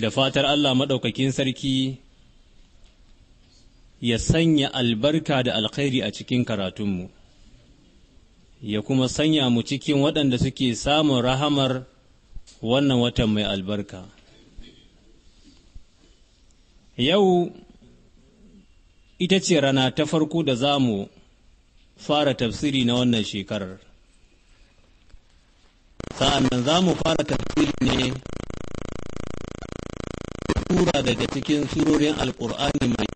da fatar Allah maɗaukakin sarki ya sanya albarka da alkhairi a cikin karatunmu, ya kuma sanya mu cikin waɗanda suke samun rahamar wannan watan mai albarka. Yau ita ce rana ta farko da za mu fara tafsiri na wannan shekarar. Sa'an nan za mu fara tafsiri ne sura daga cikin surorin alkur'ani mai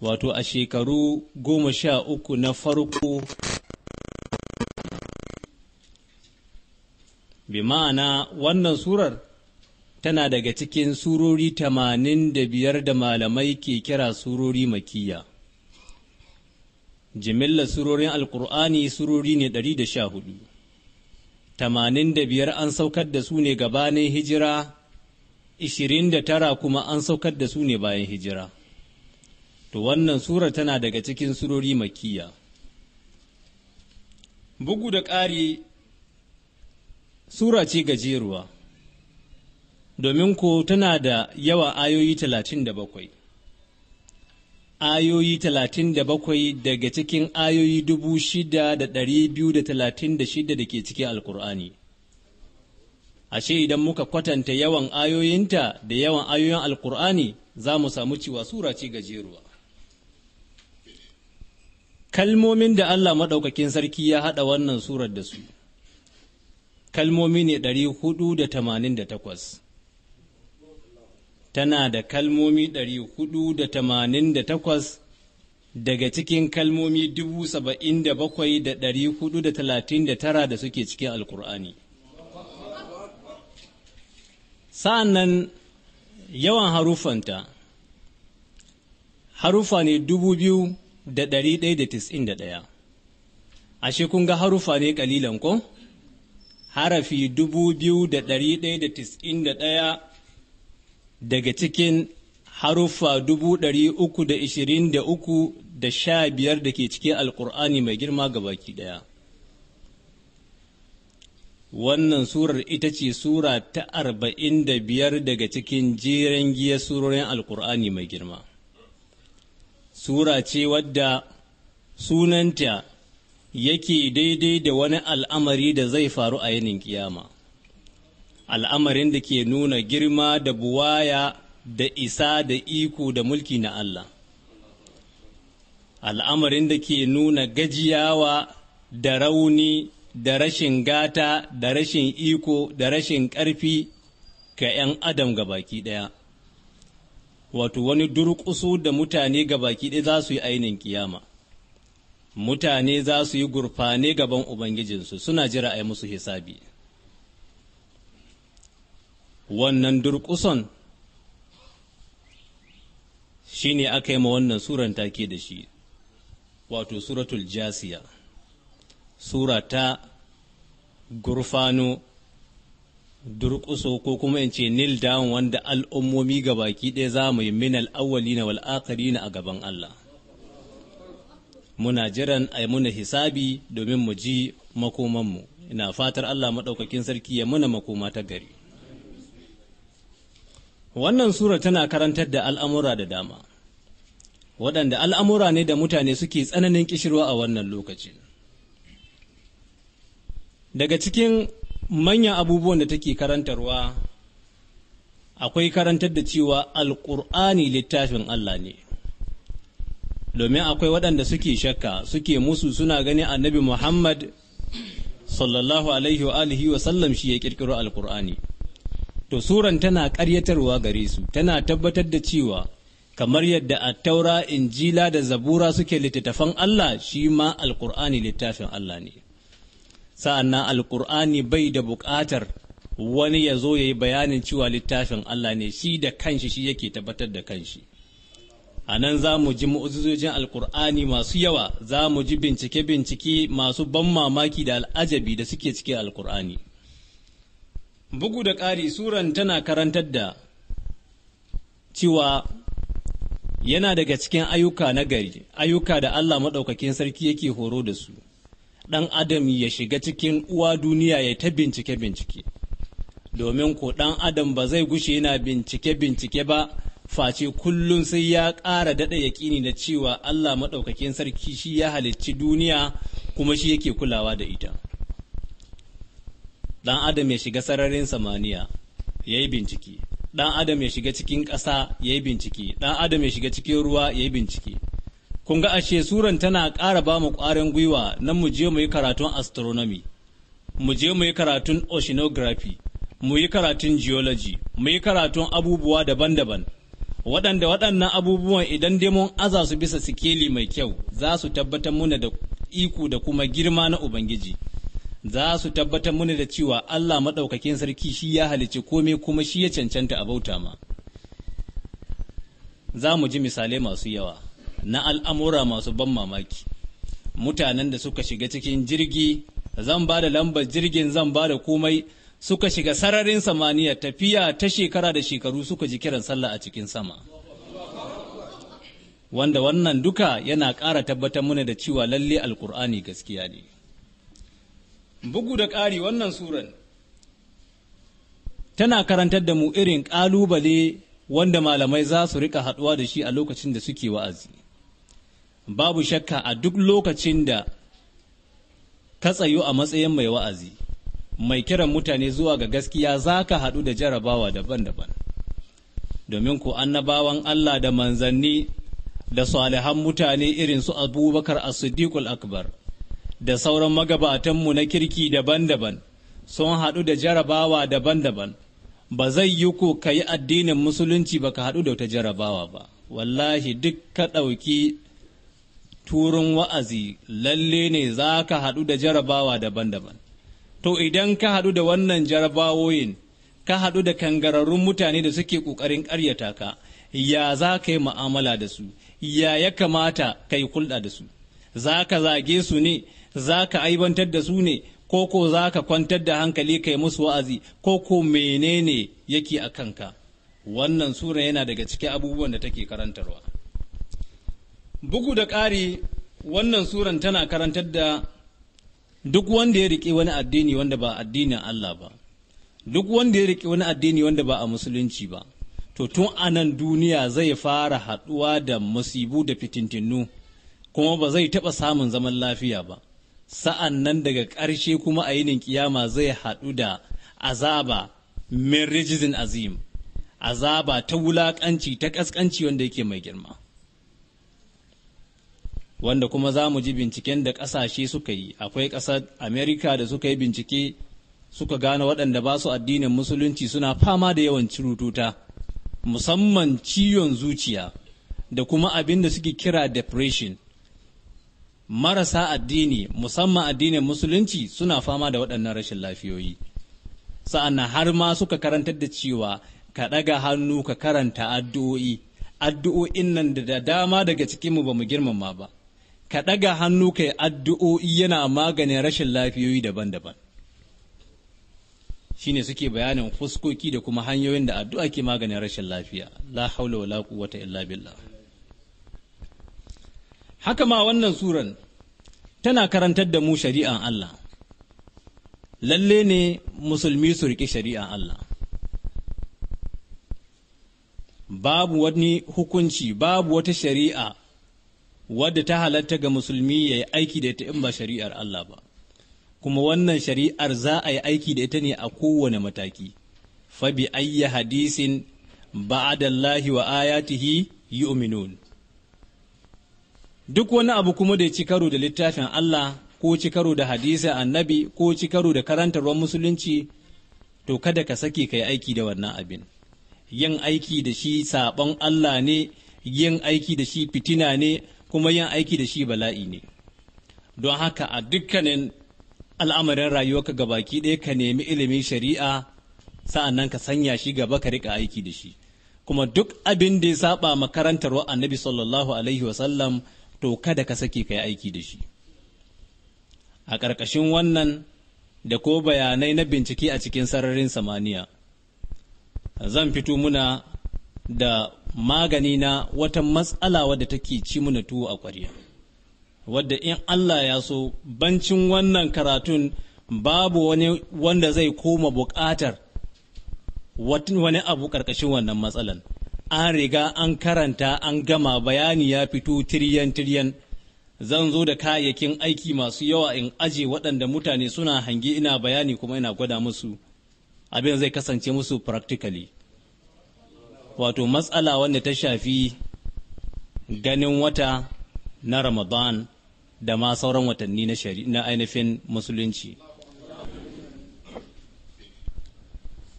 wato a shekaru goma sha uku na farko bi ma'ana wannan surar tana daga cikin surori tamanin da biyar da malamai ke kira surori makiya jimillar surorin alkur'ani surori ne ɗari da sha hudu tamanin da biyar an saukar da su ne gabanin hijira ishirin da tara kuma an saukar da su ne bayan hijira to wannan sura tana daga cikin surori makiya bugu da ƙari sura ce gajeruwa domin ko tana da yawa ayoyi talatin da bakwai ayoyi talatin da bakwai daga cikin ayoyi dubu shida da ɗari biyu da talatin da shida da ke cikin alkur'ani ashe idan muka kwatanta yawan ayoyinta da yawan ayoyin alkur'ani za mu samu cewa sura ce gajeruwa kalmomin da allah maɗaukakin sarki ya haɗa wannan surar da su kalmomi ne ɗari huɗu da tamanin da takwas tana da kalmomi ɗari hudu da tamanin da takwas daga cikin kalmomi dubu saba'in da bakwai da ɗari hudu da talatin da tara da suke cikin alkur'ani sa'an nan yawan harufanta harufa ne dubu biyu da ɗari ɗaya da tis'in da ɗaya ashe kun ga harufa ne ƙalilan ko harafi dubu biyu da ɗari ɗaya da tis'in da ɗaya daga cikin haruffa uku da sha biyar da ke cikin alkur'ani mai girma ga baki ɗaya wannan surar ita ce sura ta arba'in da biyar daga cikin jiran giya surorin alkur'ani mai girma sura ce wadda sunanta yake daidai da wani al'amari da zai faru a yanin kiyama al'amarin da ke nuna girma da buwaya da isa da iko da mulki na Allah al'amarin da ke nuna gajiyawa da rauni da rashin gata da rashin iko da rashin ƙarfi ga ‘yan adam ga baki ɗaya wato wani durƙusu da mutane ga baki ɗaya za su yi ainin kiyama mutane za su yi gurfane gaban ubangijinsu suna jira a yi musu hisabi wannan durƙuson shi ne aka yi ma wannan suran take da shi wato suratul jasiya sura ta gurfano durƙuso ko kuma in ce nil down wanda al'ummomi ga baki ɗaya za mu yi minal awwali na wal'akari na a gaban Allah muna jiran a muna hisabi domin mu ji makomanmu ina fatar Allah maɗaukakin sarki ya muna makoma ta gari Wannan Sura tana karantar da al'amura da dama, waɗanda al'amura ne da mutane suke tsananin ƙishirwa a wannan lokaci. Daga cikin manyan abubuwan da take karantarwa, akwai karantar da cewa Alƙur'ani littafin Allah ne, domin akwai waɗanda suke shakka suke musu suna gani annabi Muhammad sallallahu alaihi wa sallam shi ya ƙirƙiro Alƙur'ani. to suran tana ƙaryatarwa gare su tana tabbatar da cewa kamar yadda a taura, injila da zabura suke littattafan Allah shi ma alƙur'ani littafin Allah ne sa'annan alƙur'ani bai da buƙatar wani ya zo ya yi bayanin cewa littafin Allah ne shi da kanshi shi yake tabbatar da kanshi a nan za mu ji mu'ujizojin alkur'ani masu yawa za mu ji bincike-bincike masu ban mamaki da al'ajabi da suke cikin alkur'ani Bugu da ƙari suran tana karantar da cewa yana daga cikin ayyuka na gari, ayyuka da Allah maɗaukakin sarki yake horo da su, ɗan adam ya shiga cikin uwa duniya ya ta bincike-bincike, domin ko ɗan adam ba zai gushe yana bincike-bincike ba, face kullum sai ya ƙara daɗa yaƙini da cewa Allah maɗaukakin sarki shi ya halicci duniya kuma shi yake kulawa da ita. ɗan adam ya shiga sararin samaniya ya yi bincike ɗan adam ya shiga cikin ƙasa ya yi bincike ɗan adam ya shiga cikin ruwa ya yi bincike kun ga ashe suran tana ƙara ba mu ƙwarin gwiwa nan mu je mu yi karatun astronomy mu je mu yi karatun oceanography mu yi karatun geology mu yi karatun abubuwa daban-daban waɗanda waɗannan abubuwan idan dai mun aza su bisa sikeli mai kyau za su tabbatar muna da iko da kuma girma na ubangiji za su tabbatar mana da cewa Allah maɗaukakin sarki shi ya halicci komai kuma shi ya cancanta a bauta ma. Za mu ji misalai masu yawa na al'amura masu ban mamaki, mutanen da suka shiga cikin jirgi, zan ba da lambar jirgin zan ba da komai suka shiga sararin samaniya tafiya ta shekara da shekaru suka ji kiran sallah a cikin sama. Wanda wannan duka yana ƙara tabbatar mana da cewa lalle Alƙur'ani gaskiya ne. bugu da ƙari wannan suran tana karantar da mu irin ƙalubale wanda malamai za su rika haɗuwa da shi a lokacin da suke wa'azi babu shakka a duk lokacin da ka tsayo a matsayin mai wa'azi mai kiran mutane zuwa ga gaskiya za ka haɗu da jarabawa daban-daban domin ku annabawan Allah da manzanni da salihan mutane irin su abubakar as-siddiqul akbar da sauran magabatanmu na kirki daban-daban sun haɗu da jarabawa daban-daban ba zai yi ku ka yi addinin musulunci ba ka haɗu da wata jarabawa ba wallahi duk ka ɗauki turin wa'azi lalle ne za ka haɗu da jarabawa daban-daban to idan ka haɗu da wannan jarabawoyin ka haɗu da kangararrun mutane da suke ƙoƙarin ƙaryata ka ya za ka yi ma'amala da su ya ya kamata ka yi hulɗa da su za ka zage su ne za ka aibantar da su ne ko ko za ka kwantar da hankali kai musu wa'azi ko ko menene yake a kanka wannan sura yana daga cikin abubuwan da take karantarwa bugu da ƙari wannan suran tana karantar da duk wanda ya riƙe wani addini wanda ba addinin Allah ba duk wanda ya riƙe wani addini wanda ba a musulunci ba to tun anan duniya zai fara haɗuwa da musibu da fitintinu kuma ba zai taɓa samun zaman lafiya ba sa'an nan daga ƙarshe kuma a yinin kiyama zai haɗu da azaba min rijizin azim azaba ta wulaƙanci ta ƙasƙanci wanda yake mai girma wanda kuma za mu ji binciken da ƙasashe suka yi akwai ƙasar amerika da suka yi bincike suka gane waɗanda ba su addinin musulunci suna fama da yawan rututa, musamman ciwon zuciya da kuma abin da suke kira depression marasa addini musamman addinin musulunci suna fama da waɗannan rashin lafiyoyi sa'an har ma suka karantar da cewa ka ɗaga hannu ka karanta addu'o'i addu'o'in nan da dama daga cikinmu ba mu girmama ba ka ɗaga hannu ka yi addu'o'i yana maganin rashin lafiyoyi daban-daban shine suke bayanin fuskoki da kuma hanyoyin da addu'a ke maganin rashin lafiya la haula wala quwwata billah haka ma wannan suran tana karantar da mu shari'an Allah lalle ne musulmi su riƙe shari'an Allah babu wani hukunci babu wata shari'a wadda ta halatta ga musulmi ya yi aiki da ita in ba shari'ar Allah ba kuma wannan shari'ar za a yi aiki da ita ne a kowane mataki fabi ayya hadisin ba'adallahi wa ayatihi yu'minun duk wani abu kuma da ya ci karo da littafin Allah ko ci karo da hadisa annabi ko ci karo da karantarwar musulunci to kada ka sake ka yi aiki da wannan abin yin aiki da shi saɓon Allah ne yin aiki da shi fitina ne kuma yin aiki da shi bala'i ne don haka a dukkanin al'amarin rayuwarka ga baki ɗaya ka nemi ilimin shari'a sa'an nan ka sanya shi gaba ka riƙa aiki da shi kuma duk abin da ya saba makarantar wa annabi sallallahu alaihi wasallam to kada ka sake ka yi aiki da shi a ƙarƙashin wannan da ko bayanai na bincike a cikin sararin samaniya zan fito muna da magani na wata matsala wadda take ci muna tuwo a ƙwarya wadda in Allah ya so bancin wannan karatun babu wani wanda zai koma buƙatar wani abu ƙarƙashin wannan matsalan an riga an karanta an gama bayani ya fito tiriyan tiriyan zan zo da kayayyakin aiki masu yawa in aje waɗanda mutane suna hangi ina bayani kuma ina gwada musu abin zai kasance musu practically wato matsala wanda ta shafi ganin wata na ramadan da ma sauran watanni na ainihin musulunci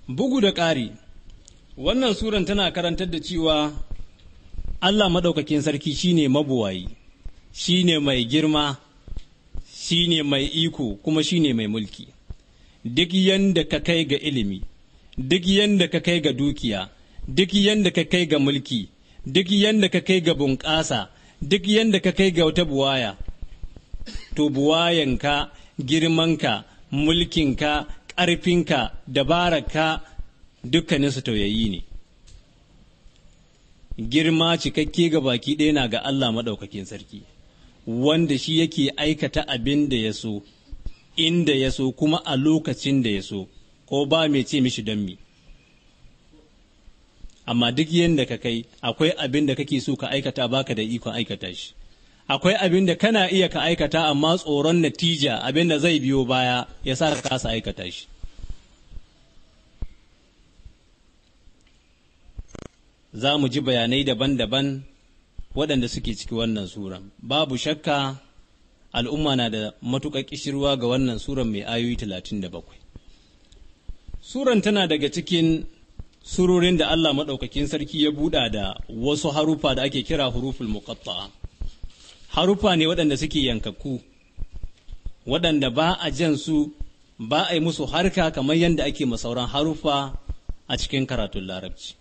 bugu da ƙari wannan suran tana karantar da cewa Allah maɗaukakin sarki shine mabuwayi shine mai girma shine mai iko kuma shine mai mulki duk yanda ka kai ga ilimi duk yanda ka kai ga dukiya duk yanda ka kai ga mulki duk yanda ka kai ga bunƙasa duk yanda ka kai ga wata buwaya to buwayanka girmanka mulkinka ƙarfinka dabararka dukkaninsu tauyayi ne girma cikakke ga baki ɗaya na ga Allah maɗaukakin sarki wanda shi yake aikata abin da ya so inda ya so kuma a lokacin da ya so ko ba mai ce mishi don mi amma duk yadda ka kai akwai abin da kake so ka aikata baka da ikon aikata shi akwai abin da kana iya ka aikata amma tsoron natija abin da zai biyo baya ya sa ka kasa aikata shi za mu ji bayanai daban-daban waɗanda suke ciki wannan suran babu shakka al'umma na da matuƙar ƙishirwa ga wannan suran mai ayoyi bakwai. suran tana daga cikin surorin da Allah maɗaukakin sarki ya buɗa da wasu harufa da ake kira huruful muqatta harufa ne waɗanda suke yankakku waɗanda ba a jan su ba a yi musu harka kamar yadda ake masauran harufa a cikin karatun larabci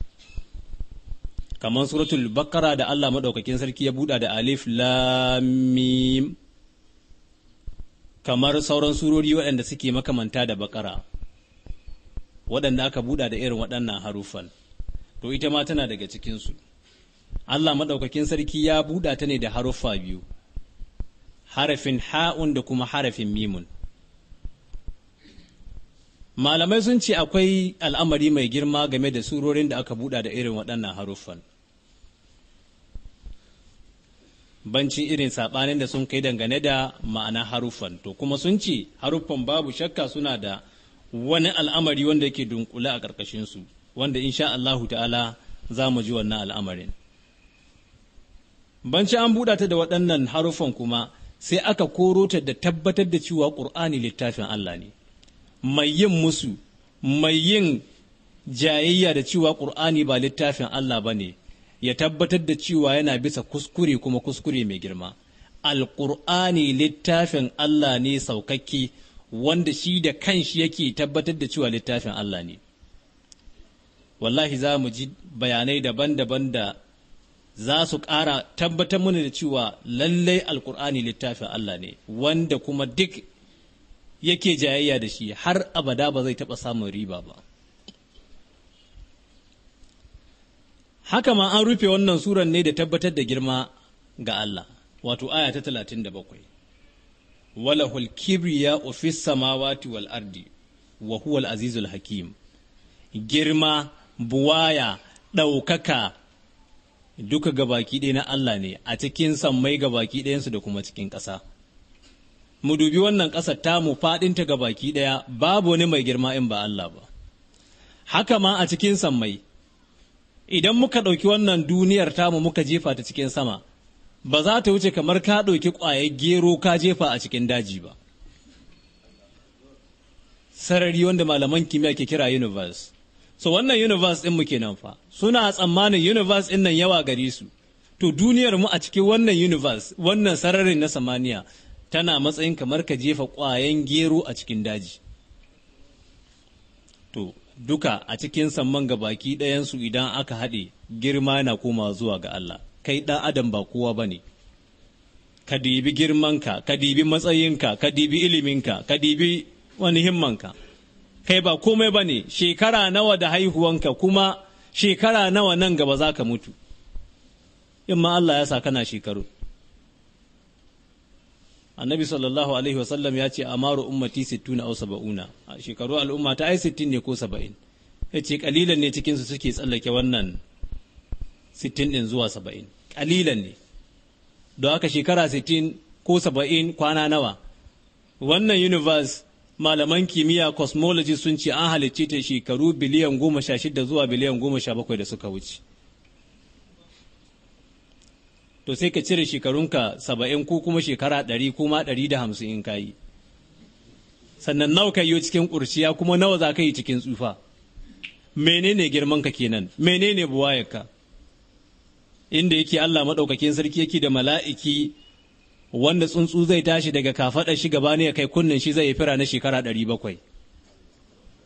kamar suratul bakara da Allah maɗaukakin sarki ya buɗa da alif lamim kamar sauran surori waɗanda suke makamanta da bakara waɗanda aka buɗa da irin waɗannan harufan to ita ma tana daga cikinsu Allah maɗaukakin sarki ya buɗa ta ne da haruffa biyu harafin ha'un da kuma harafin mimun malamai sun ce akwai al'amari mai girma game da surorin da aka buɗa da irin waɗannan haruffan bancin irin saɓanin da sun kai dangane da ma'ana haruffan to kuma sun ce haruffan babu shakka suna da wani al'amari wanda yake dunkule a ƙarƙashin su wanda insha Allahu ta'ala za mu ji wannan al'amarin banci an buɗa ta da waɗannan haruffan kuma sai aka koro ta da tabbatar da cewa ƙur'ani littafin Allah ne mai yin musu mai yin jayayya da cewa ƙur'ani ba littafin Allah ba ne ya tabbatar da cewa yana bisa kuskure kuma kuskure mai girma alƙur'ani littafin Allah ne saukakke wanda shi da kanshi yake tabbatar da cewa littafin Allah ne wallahi za mu ji bayanai daban-daban da za su ƙara tabbatar mana da cewa lallai Alƙur'ani littafin Allah ne wanda kuma duk yake jayayya da shi har abada ba zai taɓa samun riba ba haka ma an rufe wannan suran ne da tabbatar da girma ga Allah wato aya ta talatin da 37 walahul kibriya ofis samawati wal ardi wa huwal azizul hakim girma buwaya ɗaukaka duka gabaki ɗaya na Allah ne a cikin sammai gabaki ɗayansu da kuma cikin ƙasa mu dubi wannan ƙasar mu faɗinta gabaki ɗaya babu wani mai girma in ba Allah ba haka ma a cikin sammai idan muka ɗauki wannan duniyar tamu muka jefa ta cikin sama ba za ta wuce kamar ka ɗauki ƙwayar gero ka jefa a cikin daji ba sarari wanda malaman kimiyya ke kira universe so wannan universe ɗin muke nan fa suna tsammanin universe ɗin nan yawa gare su to duniyar mu a cikin wannan universe wannan sararin na samaniya tana matsayin kamar ka jefa ƙwayan gero a cikin daji to duka a cikin samman ga baki ɗayansu idan aka haɗe girma na koma zuwa ga Allah kai ɗan adam ba kowa ba ne ka dibi girmanka ka dibi matsayinka ka dibi iliminka ka dibi wani himmanka kai ba komai ba ne shekara nawa da haihuwanka kuma shekara nawa nan gaba za ka mutu in ma Allah ya sa kana shekaru annabi sallallahu alaihi wasallam ya ce amaru ummati sittuna aw saba'una shekaru al'umma ta ai sittin ne ko saba'in ya ce kalilan ne cikinsu suke tsallake wannan sittin din zuwa saba'in kalilan ne don haka shekara sittin ko saba'in kwana nawa wannan universe malaman kimiyya cosmology sun ce an halicce ta shekaru biliyan goma sha shida zuwa biliyan goma sha bakwai da suka wuce to sai ka cire shekarunka saba'in ko kuma shekara ɗari ko ɗari da hamsin in ka yi. sannan nawa ka yi cikin ƙurciya kuma nawa za ka yi cikin tsufa menene girmanka kenan menene buwayarka inda yake Allah maɗaukakin sarki yake da mala'iki wanda tsuntsu zai tashi daga kafaɗar shi gaba ne ya kai kunnen shi zai yi fira na shekara ɗari bakwai.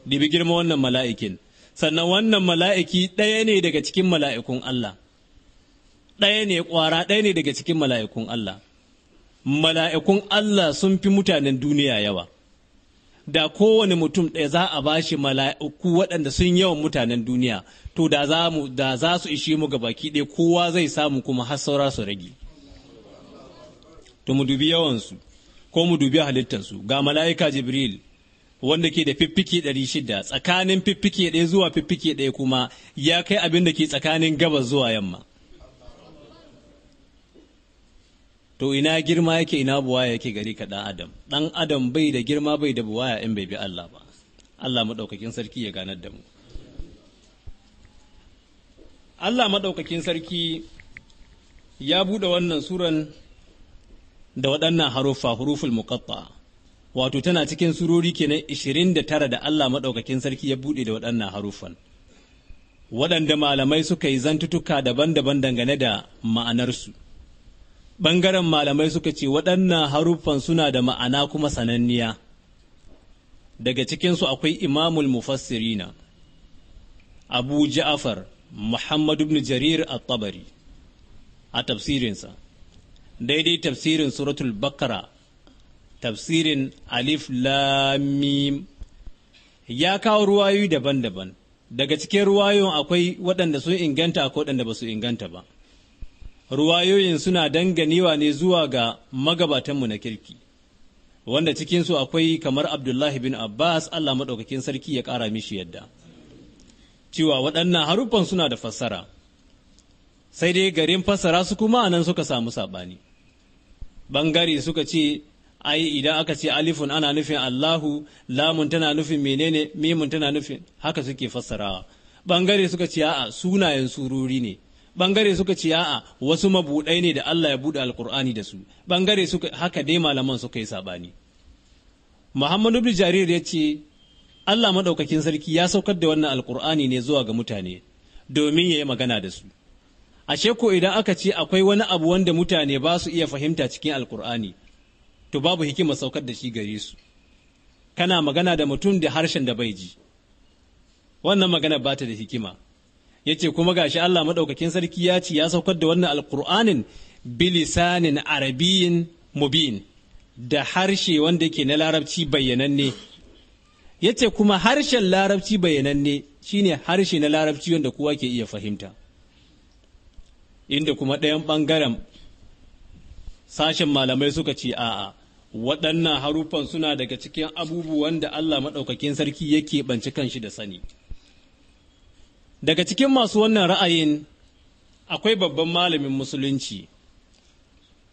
Dibi girma wannan mala'ikin, sannan wannan mala'iki ɗaya ne daga cikin mala'ikun Allah, ɗaya ne ƙwara ɗaya ne daga cikin mala'ikun Allah mala'ikun Allah sun fi mutanen duniya yawa da kowane mutum ɗaya za a ba shi mala'iku waɗanda sun yawan mutanen duniya to da za su ishe mu baki ɗaya kowa zai samu kuma har saura su rage to mu dubi yawansu ko mu dubi halittarsu ga mala'ika jibril wanda ke da fiffike ɗari shida tsakanin fiffike ɗaya zuwa fiffike ɗaya kuma ya kai abin da ke tsakanin gabas zuwa yamma to ina girma yake ina buwaya yake gari ka dan adam dan adam bai da girma bai da buwaya in bai bi Allah ba Allah madaukakin sarki ya ganar da mu Allah madaukakin sarki ya bude wannan suran da waɗannan haruffa huruful muqatta wato tana cikin surori kenan 29 da Allah maɗaukakin sarki ya buɗe da waɗannan haruffan waɗanda malamai suka yi zantutuka daban-daban dangane da ma'anarsu ɓangaren malamai suka ce waɗannan haruffan suna da ma'ana kuma sananniya daga cikinsu akwai imamul mufassirina abu ja'afar muhammad ibn jarir al tabari a tafsirinsa daidai tafsirin suratul bakara tafsirin alif lamim ya kawo ruwayoyi daban-daban daga cikin ruwayoyin akwai waɗanda sun inganta ko waɗanda ba su inganta ba ruwayoyin suna danganewa ne zuwa ga magabatanmu na kirki wanda cikinsu akwai kamar abdullahi bin abbas allah maɗaukakin sarki ya ƙara mishi yadda cewa waɗannan haruffan suna da fassara sai dai garin fassara su kuma nan suka samu saɓani ɓangare suka ce ai idan aka ce alifun ana nufin allahu lamun tana nufin menene mimun tana nufin haka suke fassarawa Bangare suka ce a'a sunayen sururi ne bangare suka ce a'a wasu mabudai ne da Allah ya buɗe alkur'ani da su bangare suka haka dai malaman suka yi sabani Muhammadu bin Jarir ya ce Allah madaukakin sarki ya saukar da wannan alkur'ani ne zuwa ga mutane domin ya yi magana da su ashe ko idan aka ce akwai wani abu wanda mutane ba su iya fahimta cikin alkur'ani to babu hikima saukar da shi gare su kana magana da mutum da harshen da bai ji wannan magana ba ta da hikima yace kuma gashi Allah maɗaukakin sarki ya ce ya saukar da wannan Alƙur'anin bilisanin arabiyin mubin da harshe wanda ke na larabci bayyananne yace kuma harshen larabci bayyananne shine harshe na larabci wanda kowa ke iya fahimta inda kuma ɗayan ɓangaren sashen malamai suka ce a'a waɗannan haruffan suna daga cikin abubuwan da Allah maɗaukakin sarki yake ɓanci kanshi da sani daga cikin masu wannan ra'ayin akwai babban malamin musulunci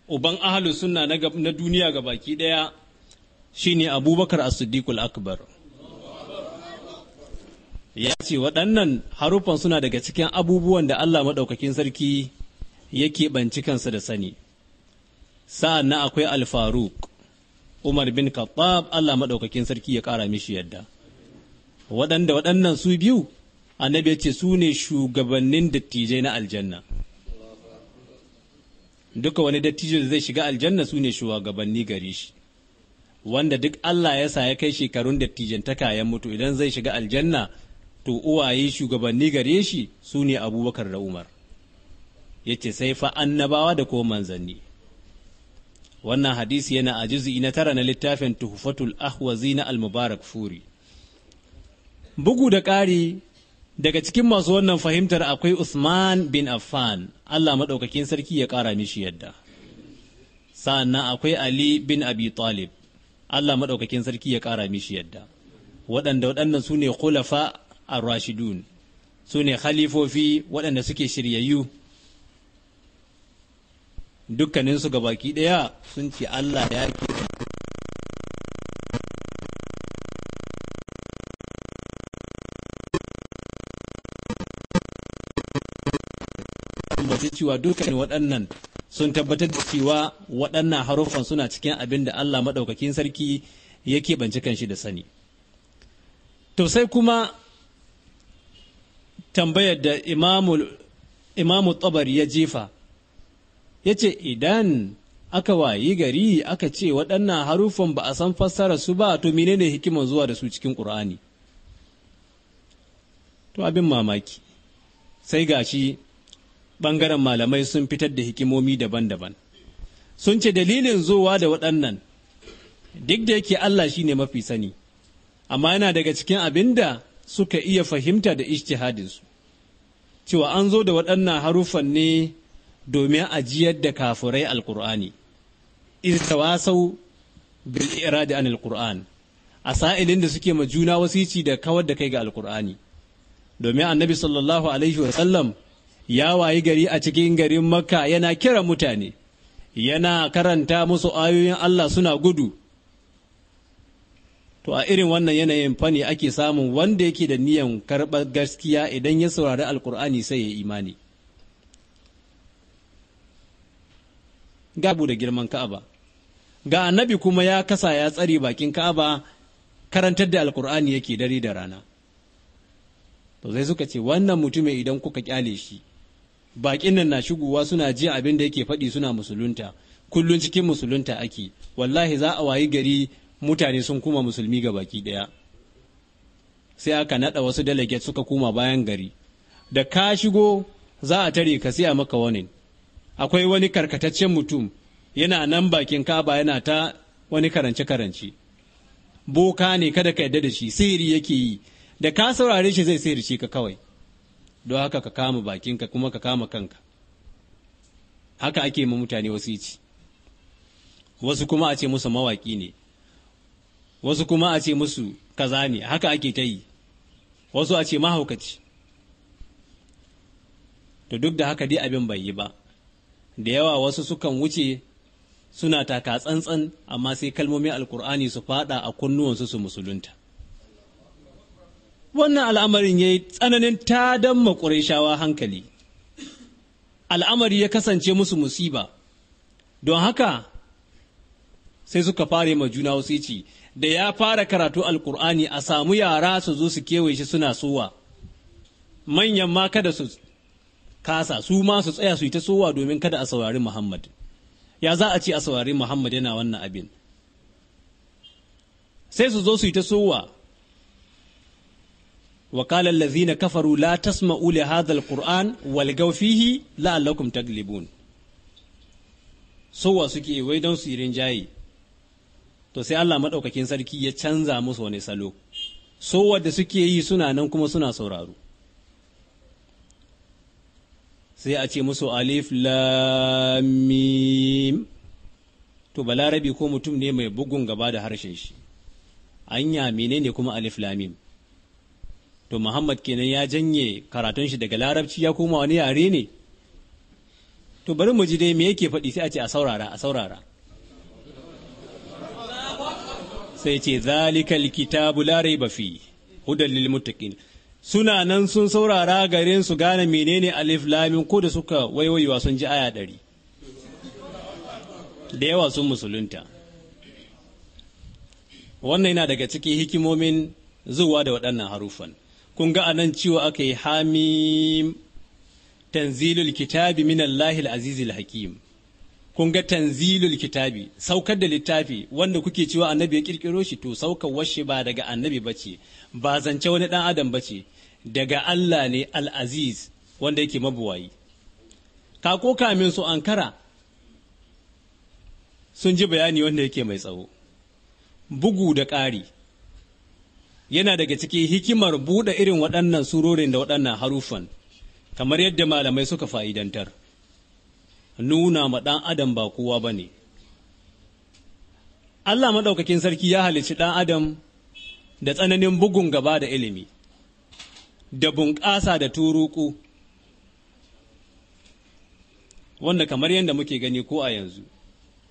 uban ahalus suna na duniya ga baki ɗaya Shi ne abubakar as-siddiqul akbar ya ce waɗannan haruffan suna daga cikin abubuwan da allah maɗaukakin sarki yake banci kansa da sani sa'an na akwai alfaruk umar bin khattab allah maɗaukakin sarki ya ƙara mishi yadda waɗanda waɗannan su biyu annabi ya ce su ne shugabannin dattijai na aljanna duka wani dattijo da zai shiga aljanna su ne shugabanni gare shi wanda duk Allah ya sa ya kai shekarun dattijantaka ya mutu idan zai shiga aljanna to uwaye shugabanni gare shi su ne abubakar da umar ya ce sai fa annabawa da kuma manzanni wannan hadisi yana a juzi na tara na littafin tuhufatul ahwazi na almubarak furi bugu da ƙari daga cikin masu wannan fahimtar akwai Usman bin Affan Allah maɗaukakin sarki ya ƙara mishi yadda sa'annan akwai Ali bin Abi Talib Allah maɗaukakin sarki ya ƙara mishi yadda waɗanda waɗannan su ne khulafa a rashidun su ne khalifofi waɗanda suke shiryayyu dukkaninsu ga baki ɗaya sun ce Allah ya ke ambaci cewa dukkanin waɗannan sun tabbatar da cewa waɗannan haruffan suna cikin abin da Allah maɗaukakin sarki ya keɓance kanshi da sani. To sai kuma tambayar da imamu tabari ya jefa, ya ce idan aka wayi gari aka ce waɗannan haruffan ba a san fassara su ba to menene hikimar zuwa da su cikin ƙur'ani. To abin mamaki, sai gashi ɓangaren malamai sun fitar da hikimomi daban-daban sun ce dalilin zuwa da waɗannan duk da yake Allah shi ne mafi sani amma yana daga cikin abin da suka iya fahimta da ishtihadinsu cewa an zo da waɗannan haruffan ne domin ajiyar da kafurai alkur'ani irtawasau bil iradi an a sa'ilin da suke ma juna wasici da kawar da kai ga Alƙur'ani, domin annabi sallallahu alaihi wasallam ya wayi gari a cikin garin makka yana kira mutane yana karanta musu ayoyin allah suna gudu to a irin wannan yanayin fani ake samun wanda yake da niyan karɓar gaskiya idan ya saurari alkur'ani sai ya imani gabu da girman ka'aba ga annabi kuma ya kasa ya tsare bakin ka'aba karantar da alkur'ani yake dare da rana to sai suka ce wannan mutumin idan kuka kyale shi baƙin nan na shigowa suna ji abin da yake faɗi suna musulunta kullum cikin musulunta ake wallahi za a wayi gari mutane sun kuma musulmi ga baki ɗaya sai aka naɗa wasu delegate suka kuma bayan gari da ka shigo za a tare ka sai maka wani akwai wani karkataccen mutum yana nan bakin kaba yana ta wani karance-karance boka ne kada ka yadda da shi sihiri yake yi da ka saurare shi zai sihirce ka kawai don haka ka kama bakinka kuma ka kama kanka haka ake ma mutane wasu ci wasu kuma a ce musu mawaƙi ne wasu kuma a ce musu kaza ne haka ake ta yi wasu a ce mahaukaci to duk da haka dai abin bai yi ba da yawa wasu sukan wuce suna taka tsantsan amma sai kalmomin alkur'ani su fada a kunnuwansu su musulunta wannan al'amarin ya yi tsananin tadan maƙurishawa hankali al'amari ya kasance musu musiba don haka sai suka fare ma juna wasu ce da ya fara karatu alkur'ani a samu yara su zo su kewaye shi suna sowa manyan ma kada su kasa su ma su tsaya su yi ta sowa domin kada a saurari muhammad ya za a ce a saurari muhammad yana wannan abin sai su zo su yi ta sowa وقال الذين كفروا لا تسمعوا لهذا القرآن والغوا فيه لعلكم تغلبون sowa suke wai don su irin jayi to sai Allah maɗaukakin sarki ya canza musu wani salo sowa suke yi suna nan kuma suna sauraro sai a ce musu alif lamim to balarabi ko mutum ne mai bugun gaba da harshen shi anya menene kuma alif lamim to Muhammad kenan ya janye karatun shi daga larabci ya koma wani yare ne to bari mu ji dai me yake faɗi sai a ce a saurara a saurara sai ce zalikal kitabu la raiba fi hudal lil muttaqin suna nan sun saurara garin su gane menene alif lamin ko da suka waiwaiwa sun ji aya ɗari da yawa sun musulunta wannan yana daga cikin hikimomin zuwa da waɗannan harufan kun ga anan cewa aka yi hamim tanzilul kitabi min Allahil azizil hakim kun ga tanzilul kitabi saukar da littafi wanda kuke cewa annabi ya kirkiro shi to saukar washe ba daga annabi bace ba zance wani dan adam bace daga Allah ne al-aziz wanda yake mabuwayi kako kamin su ankara sun ji bayani wanda yake mai tsawo bugu da ƙari yana daga ciki hikimar buɗe irin waɗannan surorin da waɗannan harufan kamar yadda malamai suka fa'idantar nuna ma ɗan adam ba kowa ba ne Allah maɗaukakin sarki ya halicci ɗan adam da tsananin bugun gaba da ilimi da bunƙasa da turuku wanda kamar yadda muke gani ko a yanzu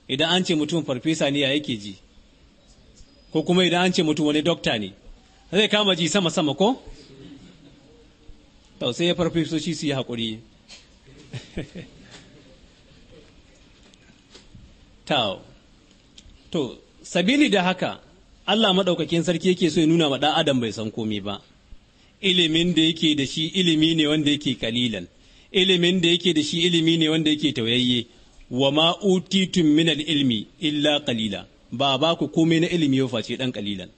idan an ce mutum farfesa ne ya yake ji ko kuma idan an ce mutum wani dokta ne zai kama ji sama sama ko Tau sai ya shi su yi haƙuri to sabili da haka Allah maɗaukakin sarki yake so ya nuna ma ɗan adam bai san komi ba ilimin da yake da shi ilimi ne wanda yake kalilan ilimin da yake da shi ilimi ne wanda yake tauyayye wa ma utitum ilmi illa kalila? ba ba ku komai na ilimi ya face ɗan kalilan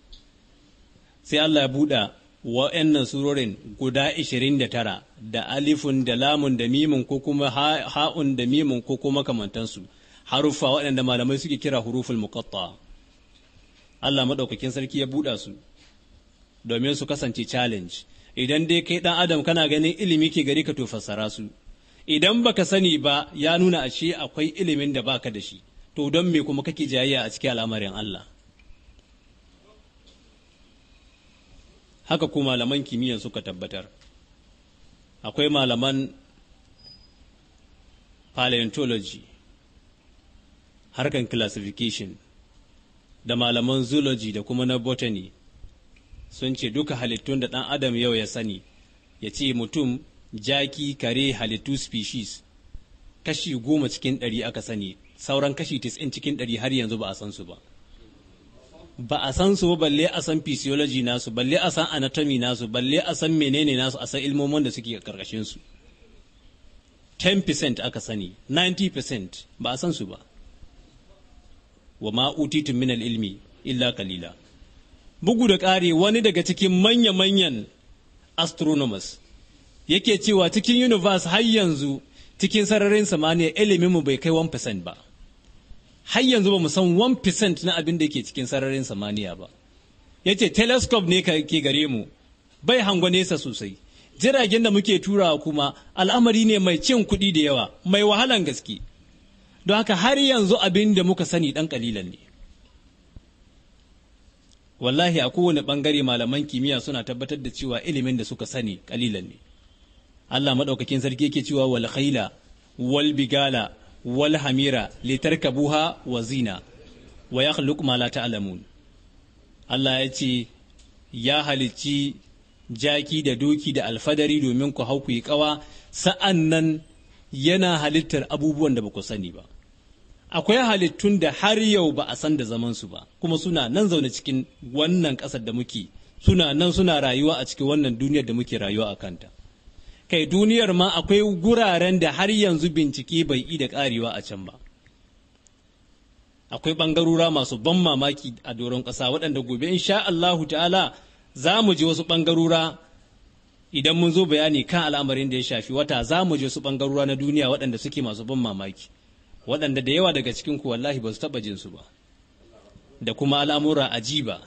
sai Allah ya buɗa wa'annan surorin guda 29 da alifun da lamun da mimun ko kuma ha'un da mimun ko kuma kamantansu haruffa waɗanda malamai suke kira huruful muqatta Allah maɗaukakin sarki ya buɗa su domin su kasance challenge idan dai kai ɗan adam kana ganin ilimi ke gari ka to fassara su idan baka sani ba ya nuna ashe akwai ilimin da baka da shi to don me kuma kake jayayya a cikin al'amarin Allah haka ko malaman kimiyya suka tabbatar akwai malaman paleontology harkan classification da malaman zoology da kuma na botany sun ce duka halittun da dan adam yau ya sani ya ce mutum jaki kare halittu species kashi goma cikin ɗari aka sani sauran kashi tis'in cikin ɗari har yanzu ba a san su ba ba a san su balle a san physiology nasu balle a san anatomy nasu balle a san menene nasu a san ilmomin da suke karkashin su 10% aka sani 90% ba a san su ba wa ma utitum min ilmi illa kalila bugu da ƙari wani daga cikin manya-manyan astronomers yake cewa cikin universe har yanzu cikin sararin samaniya ilimin mu bai kai 1% ba har yanzu ba mu san 1% na abin da ke cikin sararin samaniya ba ya ce telescope ne ke gare mu bai hango nesa sosai jiragen da muke turawa kuma al'amari ne mai cin kuɗi da yawa mai wahalan gaske don haka har yanzu abin da muka sani ɗan ƙalilan ne wallahi a kowane ɓangare malaman kimiyya suna tabbatar da cewa ilimin da suka sani ƙalilan ne allah maɗaukakin sarki yake cewa wal khaila wal bigala Walhamira. litarkabuha wa zina wa yakhluqu ma la ta'lamun Allah ya ce ya halicci jaki da doki da alfadari domin ku hau ku yi kawa sa'annan yana halittar abubuwan da ba ku sani ba akwai halittun da har yau ba a san da zaman su ba kuma suna nan zaune cikin wannan ƙasar da muke suna nan suna rayuwa a cikin wannan duniyar da muke rayuwa a kanta kai duniyar ma akwai guraren da har yanzu bincike bai yi da karewa a can ba akwai ɓangarora masu ban mamaki a doron ƙasa waɗanda gobe in sha Allahu ta'ala za mu ji wasu ɓangarora idan mun zo bayani kan al'amarin da ya shafi wata za mu ji wasu ɓangarora na duniya waɗanda suke masu ban mamaki waɗanda da yawa daga cikin ku wallahi ba su taɓa jin su ba da kuma al'amura ajiba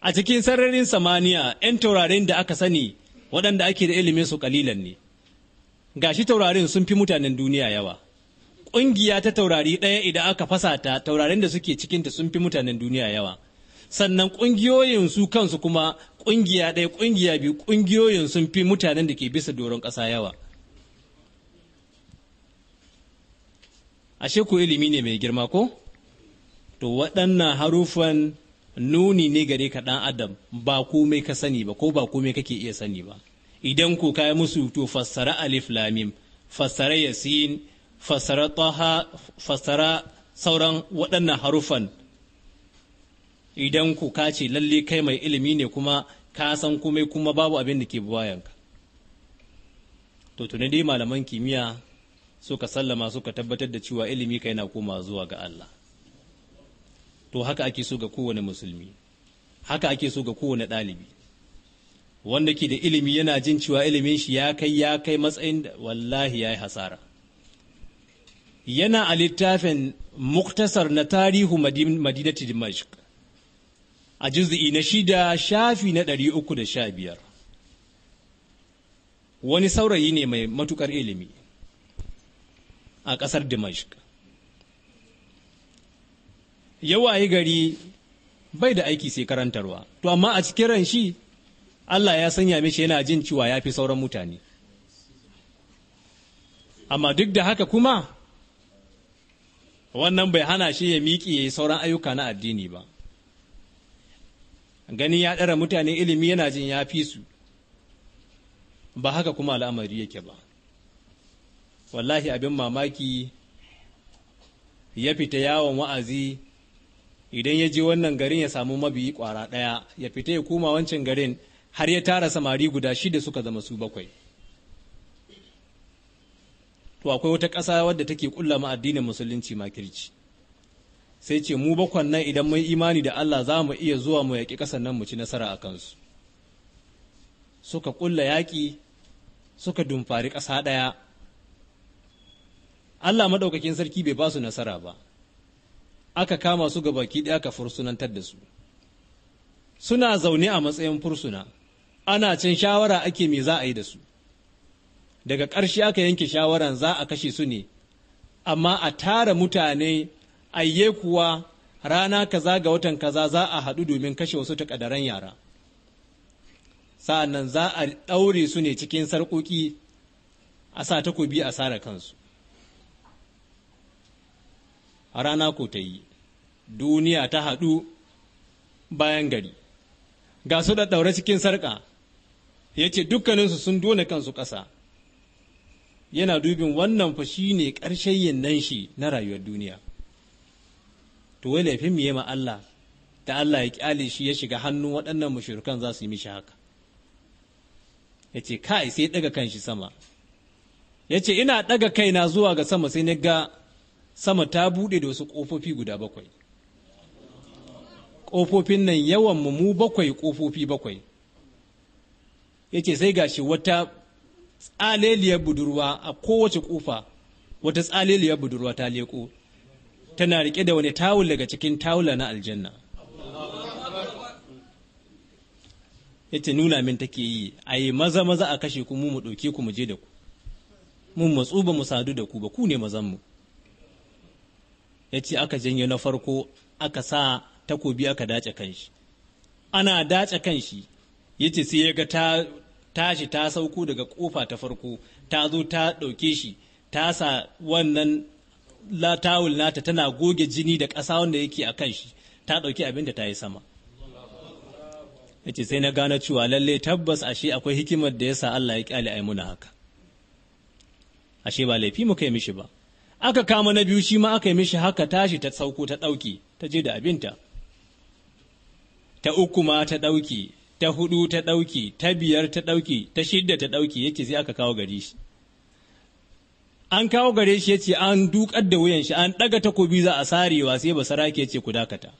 a cikin sararin samaniya 'yan taurarin da aka sani waɗanda ake da ilimin su ƙalilan ne gashi taurarin sun fi mutanen duniya yawa ƙungiya ta taurari ɗaya idan aka fasa ta taurarin da suke cikinta sun fi mutanen duniya yawa sannan ƙungiyoyin su kansu kuma ƙungiya ɗaya ƙungiya biyu ƙungiyoyin sun fi mutanen da ke bisa doron ƙasa yawa ashe ko ilimi ne mai girma ko to waɗannan harufan nuni ne gare ka ɗan adam ba komai ka sani ba ko ba komai kake iya sani ba idan ko ka musu to fassara alif lamim fassara yasin fassara taha fassara sauran waɗannan haruffan idan ku ka ce lalle kai mai ilimi ne kuma ka san komai kuma babu abin da ke ka to tuni dai malaman kimiyya suka sallama suka tabbatar da cewa ilimi kai na koma zuwa ga Allah to haka ake so ga kowane musulmi haka ake so ga kowane ɗalibi wanda ke da ilimi yana jin cewa ilimin shi ya kai ya kai matsayin wallahi ya yi hasara yana a littafin muktasar na tarihu madinati dimashq a juz'i na shida shafi na ɗari uku da sha biyar wani saurayi ne mai matukar ilimi a ƙasar dimashq yawa gari bai da aiki sai karantarwa to amma a cikin ran shi Allah ya sanya mishi yana jin cewa ya fi sauran mutane amma duk da haka kuma wannan bai hana shi ya miƙi ya yi sauran ayyuka na addini ba gani ya ɗara mutane ilimi yana jin ya fi su ba haka kuma al'amari yake ba wallahi abin mamaki ya fita yawon wa'azi idan ya je wannan garin ya samu mabiyi kwara ɗaya ya fita ya koma wancan garin har ya tara samari guda shida suka zama su bakwai to akwai wata ƙasa wadda take kulla ma addinin musulunci makirci sai ce mu bakwan nan idan mun imani da Allah za mu iya zuwa mu yaƙi ƙasar nan mu ci nasara a kansu suka kulla yaƙi suka dumfari ƙasa ɗaya Allah maɗaukakin sarki bai ba su nasara ba aka kama su ga baki ɗaya aka fursunantar da su suna zaune a matsayin fursuna ana cin shawara ake me za a yi da su daga ƙarshe aka yanke shawaran za a kashe su ne amma a tara mutane ayye kuwa rana kaza ga watan kaza za a haɗu domin kashe wasu takadaran yara sa'an nan za a ɗaure su ne cikin sarƙoƙi a sa takobi a sare kansu rana ko ta yi duniya ta haɗu bayan gari ga su da ɗaure cikin sarƙa ya ce dukkaninsu sun dole kansu ƙasa yana dubin wannan fa shi ne ƙarshen yin nan shi na rayuwar duniya to wai laifin mu ma Allah da Allah ya ƙyale shi ya shiga hannu waɗannan mushrikan za su yi mishi haka ya ce kai sai ɗaga kan shi sama ya ce ina ɗaga na zuwa ga sama sai na ga sama ta buɗe da wasu ƙofofi guda bakwai ƙofofin nan yawan mu mu bakwai ƙofofi bakwai yace sai gashi wata tsaleliyar budurwa a kowace ƙofa wata tsaleliyar budurwa ta leƙo tana riƙe da wani tawul daga cikin tawula na aljanna yace nuna min take yi a yi maza maza a kashe ku mu mu ɗauke ku mu je da ku mun matsu ba mu sadu da ku ba ku ne mazanmu." mu ya ce aka janye na farko aka sa takobi aka dace kan shi. ana dace kan shi. ya ce sai ya ga ta tashi ta sauko daga kofa ta farko ta zo ta ɗauke shi ta sa wannan tawul nata tana goge jini da ƙasa wanda yake a kan shi ta ɗauki abin da ta yi sama Ya ce sai na gane cewa lallai tabbas ashe akwai hikimar da yasa Allah ya ƙyale muna haka ashe ba laifi mu kai mishi ba aka kama na biyu shi ma aka yi mishi haka tashi ta sauko ta ɗauki ta je da abinta ta uku ma ta ɗauki ta hudu ta ɗauki ta biyar ta ɗauki ta shidda ta ɗauki yake sai aka kawo gare shi an kawo gare shi yace an dukar da wuyan shi an ɗaga takobi za a sarewa sai ba sarake yace ku dakata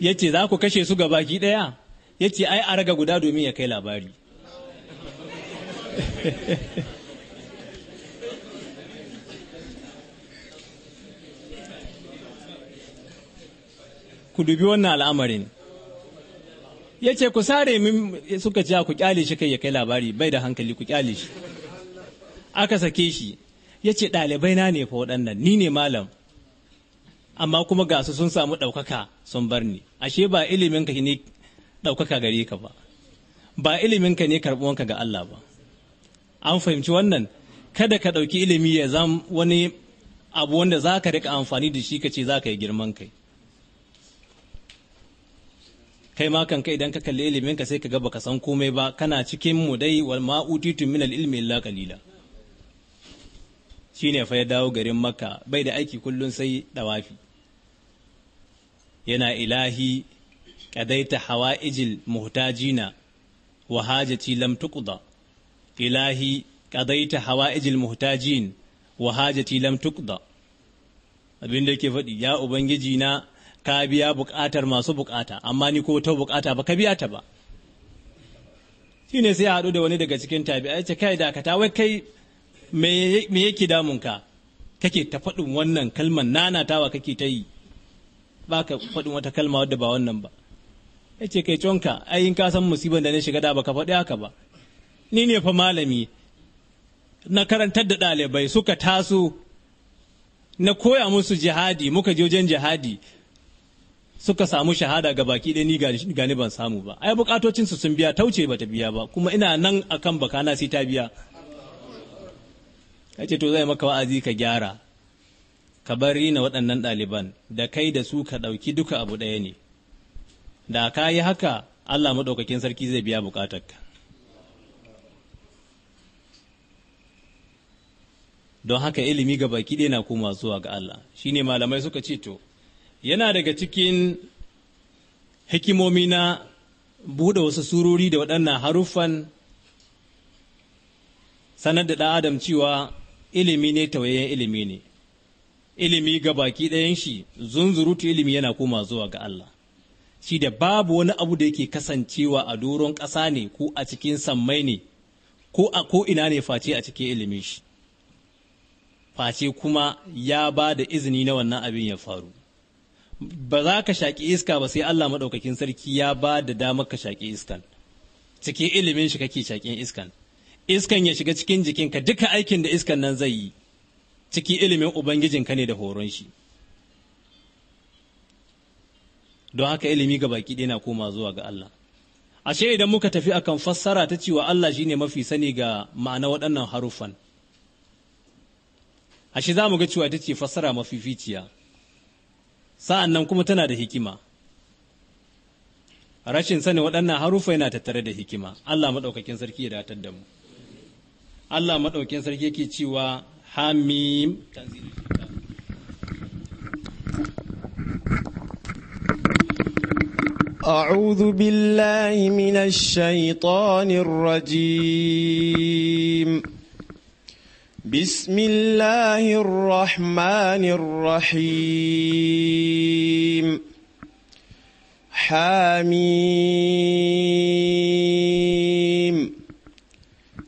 yace za ku kashe su gabaki ɗaya yace ai a raga guda domin ya kai labari ku dubi wannan al'amarin ya ce ku sare min suka ce ku kyale shi kai ya kai labari bai da hankali ku kyale shi aka sake shi ya ce ɗalibai na ne fa waɗannan ni ne malam amma kuma gasu sun samu ɗaukaka sun bar ni ashe ba ilimin ka ne ɗaukaka gare ka ba ba ilimin ka ne karɓuwanka ga Allah ba an fahimci wannan kada ka ɗauki ilimi ya zama wani abu wanda za ka rika amfani da shi ka ce za ka yi girman kai kai ma kanka idan ka kalli ilimin ka sai ka ga ka san komai ba kana cikin mu dai wal ma utitu min al ilmi illa qalila shine fa ya dawo garin makka bai da aiki kullun sai dawafi yana ilahi qadaita hawaijil muhtajina wa hajati lam tuqda ilahi qadaita hawa muhtajin wa hajati lam tuqda abin da yake faɗi ya ubangiji na ka biya buƙatar masu buƙata amma ni ko ta buƙata ba ka biya ta ba shine sai ya haɗu da wani daga cikin tabi'a ya ce kai da ta wai kai me yake damun ka kake ta faɗin wannan kalmar nanatawa kake ta yi ba ka faɗin wata kalma wadda ba wannan ba ya ce kai conka ayin ka san musibar da na shiga da baka faɗi haka ba ni ne fa malami na karantar da ɗalibai suka taso na koya musu jihadi muka je wajen jihadi suka samu shahada ga baki ɗaya ni gani ban samu ba ai bukatocinsu sun biya tauce bata biya ba kuma ina nan akan baka na sai ta biya ya ce to zai maka wa'azi ka gyara ka bari na waɗannan ɗaliban da kai da su ka ɗauki duka abu ɗaya ne da ka yi haka allah maɗaukakin sarki zai biya bukatarka don haka ilimi ga baki ɗaya na koma zuwa ga Allah shine malamai suka ce to yana daga cikin hikimomi na buɗe wasu surori da waɗannan haruffan sanar da adam cewa ilimi ne tawayen ilimi ne ilimi ga baki ɗayan shi zunzurutu ilimi yana koma zuwa ga Allah shi da babu wani abu da yake kasancewa a doron ƙasa ne ko a cikin sammai ne ko a ko ina ne face a cikin ilimin shi face kuma ya ba da izini na wannan abin ya faru ba za ka shaƙi iska ba sai Allah maɗaukakin sarki ya ba da damar ka shaƙi iskan cikin ilimin shi kake shaƙin iskan iskan ya shiga cikin jikinka duka aikin da iskan nan zai yi ciki ilimin ka ne da horon shi don haka ilimi ga baki ɗaya na koma zuwa ga Allah ashe idan muka tafi akan fassara ta cewa Allah shine mafi sani ga ma'ana waɗannan haruffan ashe za mu ga cewa ita ce fassara mafificiya sa'an nan kuma tana da hikima rashin sani waɗannan harufa yana tattare da hikima Allah maɗaukakin sarki ya datar da mu Allah maɗaukakin sarki yake cewa hamim أعوذ بالله من الشيطان الرجيم بسم الله الرحمن الرحيم حميم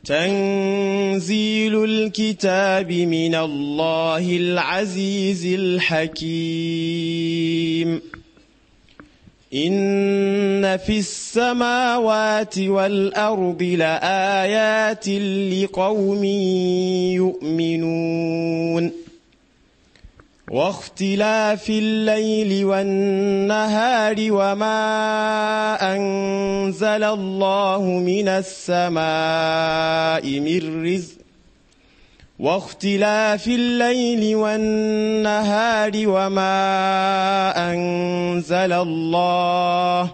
تنزيل الكتاب من الله العزيز الحكيم إن في السماوات والأرض لآيات لقوم يؤمنون واختلاف الليل والنهار وما أنزل الله من السماء من رزق واختلاف الليل والنهار وما أنزل الله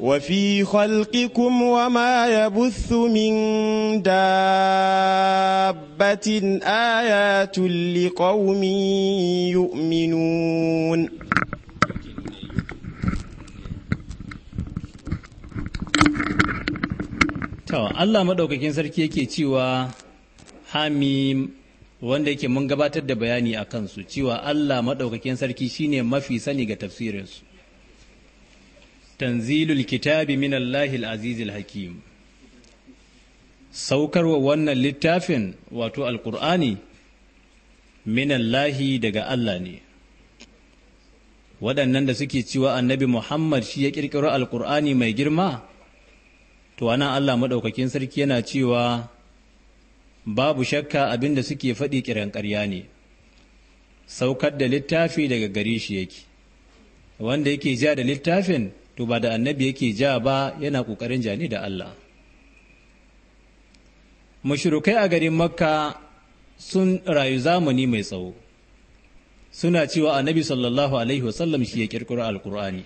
وفي خلقكم وما يبث من دابة آيات لقوم يؤمنون To, Allah maɗaukakin sarki yake cewa hami wanda yake mun gabatar da bayani a kansu cewa Allah maɗaukakin sarki shine mafi sani ga tafsirinsu. Tanzilul kitabi min Allahil azizil hakim. Saukarwa wannan littafin wato Alƙur'ani min Allahi daga Allah ne. Waɗannan da suke cewa annabi Muhammad shi ya ƙirƙiro Alƙur'ani mai girma. to anan Allah maɗaukakin sarki yana cewa babu shakka abin da suke faɗi kiran ƙarya ne saukar da littafi daga gare shi yake wanda yake ja da littafin to ba da annabi yake ja ba yana ƙoƙarin ja da Allah mashirukai a garin makka sun rayu zamani mai tsawo suna cewa annabi sallallahu alaihi wasallam shi ya ƙirƙiro alƙur'ani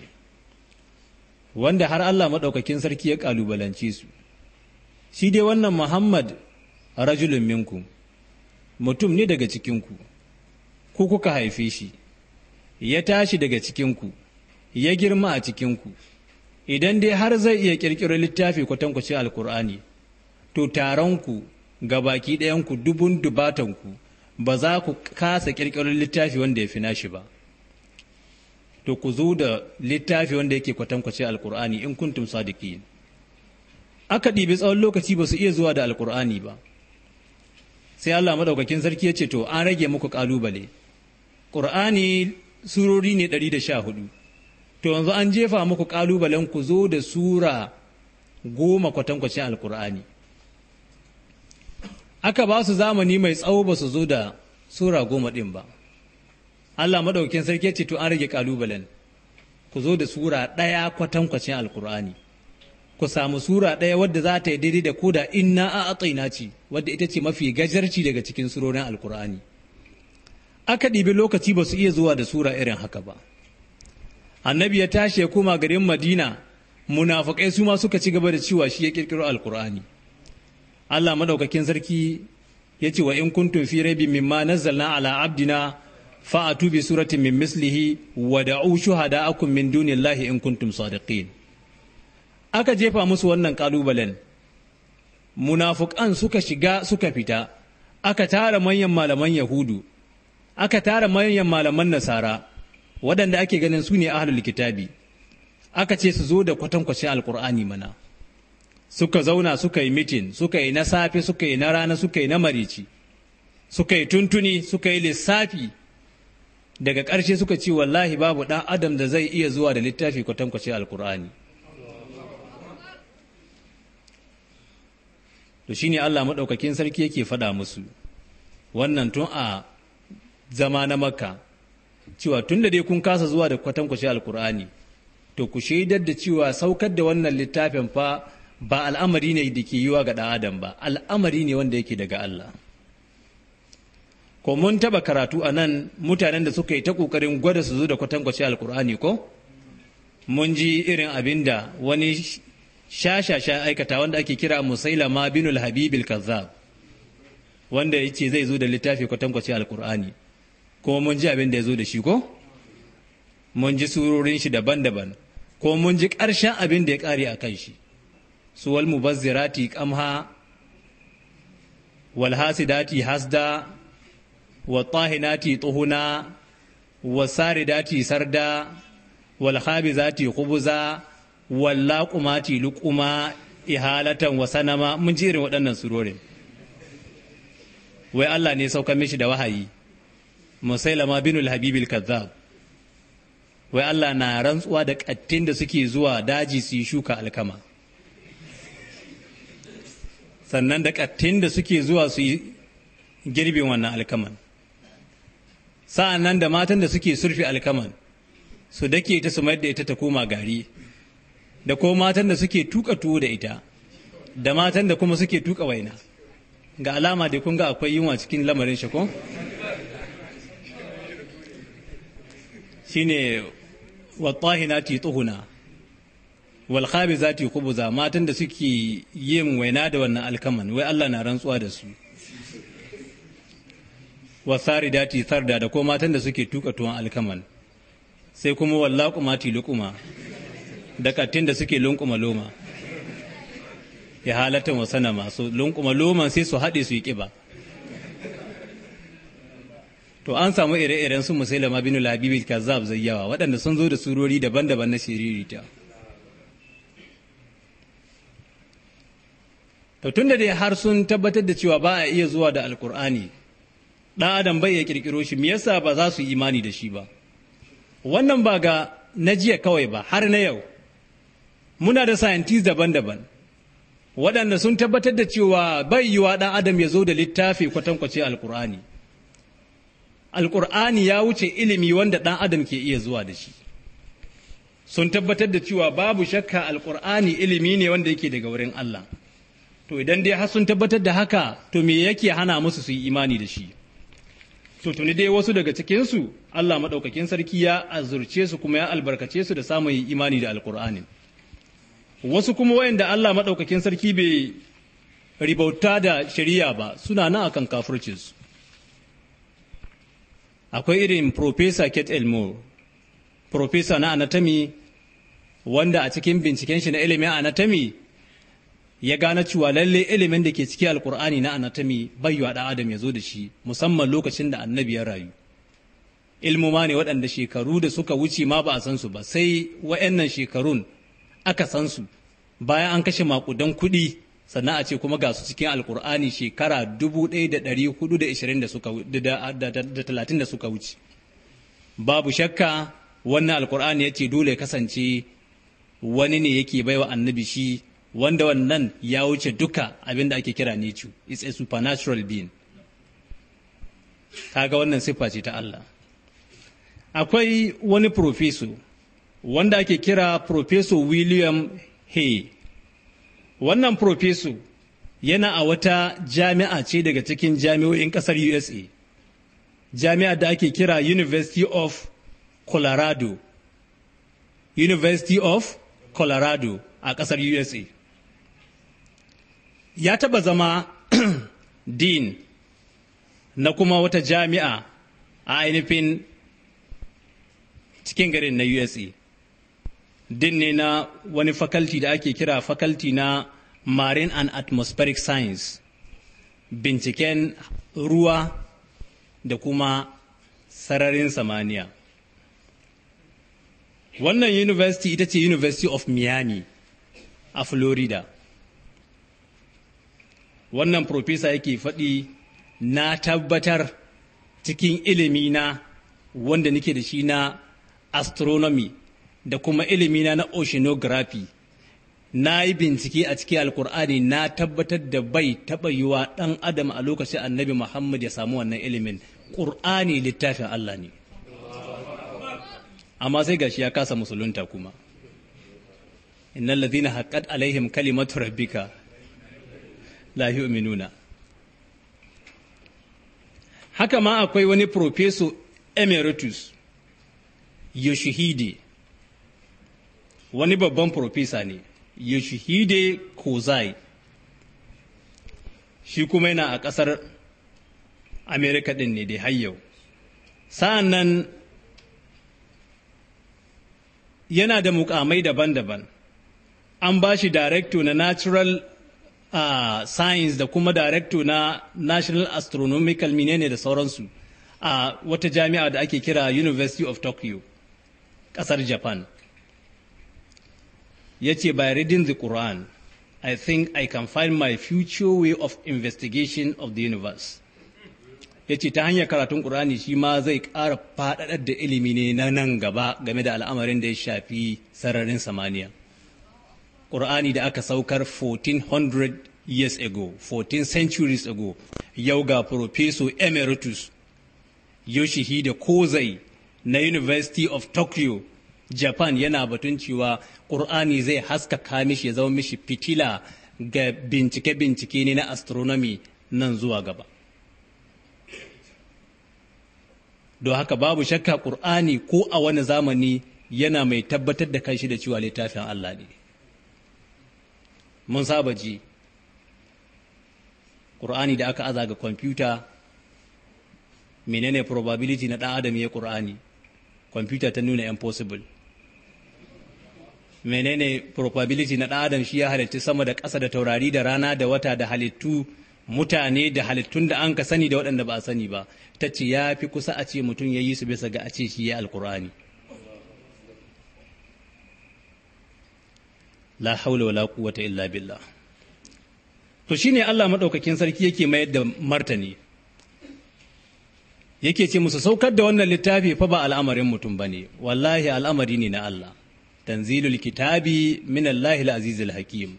wanda har Allah maɗaukakin sarki ya ƙalubalance su shi dai wannan Muhammad rajulun minku mutum ne daga cikinku ku kuka haife shi ya tashi daga cikinku ya girma a cikinku idan dai har zai iya ƙirƙiro littafi kwatankwacin alkur'ani to taronku ga baki ɗayanku dubun dubatanku ba za ku kasa ƙirƙiro littafi wanda ya fi nashi ba to ku zo da littafi wanda yake kwatankwace alkur'ani in kuntum sadiqin aka ɗibi tsawon lokaci ba su iya zuwa da alkur'ani ba sai Allah madaukakin sarki ya ce to an rage muku ƙalubale. ƙur'ani surori ne 114 to yanzu an jefa muku ƙalubalen ku zo da sura goma kwatankwacin alkur'ani aka ba su zamani mai tsawo ba su zo da sura goma ɗin ba Allah maɗaukakin sarki ce to an rage kalubalen ku zo da sura ɗaya kwatankwacin alkur'ani ku samu sura ɗaya wadda za ta yi daidai da koda inna a atsaina ce wadda ita ce mafi gajarci daga cikin surorin alkur'ani aka ɗibi lokaci ba su iya zuwa da sura irin haka ba annabi ya tashi ya koma garin madina munafukai su ma suka ci gaba da cewa shi ya kirkiro alkur'ani allah madaukakin sarki ya ce wa in kuntum fi rabi mimma nazzalna ala abdina a tubi suratin min mislihi wa da'u shuhada'akum min dunillahi in kuntum sadiqin aka jefa musu wannan ƙalubalen. munafukan suka shiga suka fita aka tara manyan malaman yahudu aka tara manyan malaman nasara waɗanda ake ganin su ne ahlul kitabi aka ce su zo da kwatankwacin alkur'ani mana suka zauna suka yi mitin suka yi na safe suka yi na rana suka yi na marici suka yi tuntuni suka yi lissafi daga ƙarshe suka ce wallahi babu ɗan adam da zai iya zuwa da littafi kwatankwace alkur'ani to shi ne Allah maɗaukakin sarki yake faɗa musu wannan tun a zama na makka cewa tun da dai kun kasa zuwa da kwatankwace alkur'ani to ku shaidar da cewa saukar da wannan littafin fa ba al'amari ne da ke yiwa ga ɗan adam ba al'amari ne wanda yake daga Allah ko mun taba karatu a nan mutanen da suka yi ta ƙoƙarin gwada su zo da kwatankwacin alkur'ani ko mun ji irin abin da wani shashasha aikata wanda ake kira musailama binul habibil kazzab wanda ya zai zo da littafi kwatankwacin alkur'ani ko mun ji abin da ya zo da shi ko mun ji surorin shi daban-daban ko mun ji ƙarshen abin da ya ƙare a kan shi su mubazzirati qamha wal hasidati hasda wattahinati tuhuna wasaridati sarda walhabizati khubuza wallaqumati luquma ihalatan wa sanama mun ji irin waɗannan surorin wai Allah ne sauka mishi da wahayi musailama binul habibil kazzab wai Allah na rantsuwa da kattin da suke zuwa daji su yi shuka alkama sannan da kattin da suke zuwa su yi girbin wannan alkaman sa'an nan da matan da suke surfi alkaman su dake ta su mayar da ita ta koma gari da ko matan da suke tuka tuwo da ita da matan da kuma suke tuka waina ga alama da kun ga akwai yunwa cikin lamarin shi ko shine wattahinati tuhuna wal khabizati kubuza matan da suke yin waina da wannan alkaman wai Allah na rantsuwa da su wa dati sarda da ko matan da suke tuka tuwon alkaman sai kuma wallaqumati luquma da kattin da suke lunkuma loma ya halatta wa sanama su lunkuma loma sai su haɗe su yi ƙiba. to an samu ire-iren su musailama bin labibil kazzab zayyawa waɗanda sun zo da surori daban-daban na shiririta to tunda dai har sun tabbatar da cewa ba a iya zuwa da alkur'ani ɗan adam bai ya ƙirƙiro shi me yasa ba za su yi imani da shi ba wannan ba ga na jiya kawai ba har na yau muna da scientists daban-daban waɗanda sun tabbatar da cewa bai yiwa ɗan adam ya zo da littafi kwatankwace Alƙur'ani. Alƙur'ani ya wuce ilimi wanda ɗan adam ke iya zuwa da shi sun tabbatar da cewa babu shakka Alƙur'ani ilimi ne wanda yake daga wurin Allah to idan dai har sun tabbatar da haka to me yake hana musu su yi imani da shi to tuni dai wasu daga cikinsu Allah maɗaukakin sarki ya azurce su kuma ya albarkace su da samun imani da alkur'ani wasu kuma wayanda Allah maɗaukakin sarki bai ribauta da shari'a ba suna nan akan kafircinsu akwai irin Profesa Kate Elmore Profesa na anatomy wanda a cikin binciken shi na ilimin anatomy ya gane cewa lalle ilimin da ke ciki alkur'ani na anatomy bai wa adam ya zo da shi musamman lokacin da annabi ya rayu ilmuma ne waɗanda shekaru da suka wuce ma ba a san su ba sai wa'annan shekarun aka san su bayan an kashe makudan kuɗi sannan a ce kuma ga su cikin alkur'ani shekara talatin da suka wuce babu shakka wannan alkur'ani ya ce dole kasance wani ne yake baiwa annabi shi wanda wannan ya wuce duka abinda ake kira nicu it's a supernatural being kaga wannan siffa ce ta Allah akwai wani profeso wanda ake kira profeso William Hay wannan profeso yana a wata jami'a ce daga cikin jami'o'in kasar USA jami'a da ake kira University of Colorado University of Colorado a kasar USA ya taɓa zama din na kuma wata jami'a a ainihin cikin garin na U.S.A. Din ne na wani faculty da ake kira faculty na Marine and Atmospheric Science, binciken ruwa da kuma sararin samaniya. Wannan university ita ce University of Miami a Florida. wannan profesa yake faɗi na tabbatar cikin ilimi na wanda nake da shi na astronomy da kuma ilimi na na oceanography na yi bincike a cikin alkur'ani na tabbatar da bai taɓa yiwa ɗan adam a lokacin annabi muhammad ya samu wannan ilimin ƙur'ani littafin allah ne amma sai gashi ya kasa musulunta kuma innal ladhina haqqat alaihim kalimatu rabbika la yu'minuna haka ma akwai wani professor emeritus yoshihide wani babban profesa ne yoshihide kozai shi kuma yana a ƙasar amerika ɗin ne dai hayyau sa'an nan yana da mukamai daban-daban an ba shi director na natural uh, science da kuma director na national astronomical menene da sauransu a wata jami'a da ake kira university of tokyo kasar japan ya ce by reading the quran i think i can find my future way of investigation of the universe ya ce ta hanyar karatun ƙur'ani shi ma zai ƙara faɗaɗar da ilimi ne na nan gaba game da al'amarin da ya shafi sararin samaniya ƙur'ani da aka saukar 1400 years ago 14 centuries ago yau ga professor emeritus yoshihide kozai na university of tokyo japan yana batun cewa ƙur'ani zai haskaka mishi ya zama mishi fitila ga bincike-bincike ne na astronomy nan zuwa gaba do haka babu shakka ƙur'ani ko a wani zamani yana mai tabbatar da kanshi da cewa littafin allah ne mun saba ji ƙur'ani da aka aza ga kwamfuta menene probability na ɗan adam ya ƙur'ani kwamfuta ta nuna impossible menene probability na ɗan adam shi ya halittu sama da ƙasa da taurari da rana da wata da halittu mutane da halittun da an ka sani da waɗanda ba a sani ba ta ce ya fi kusa a ce mutum ya yi su bisa ga a ce shi ya alƙur'ani la haula wala quwwata illa billah to shine Allah madaukakin sarki yake mayar da martani yake ce musu saukar da wannan littafi fa ba al'amarin mutum bane wallahi al'amari ne na Allah tanzilul kitabi min Allahil azizil hakim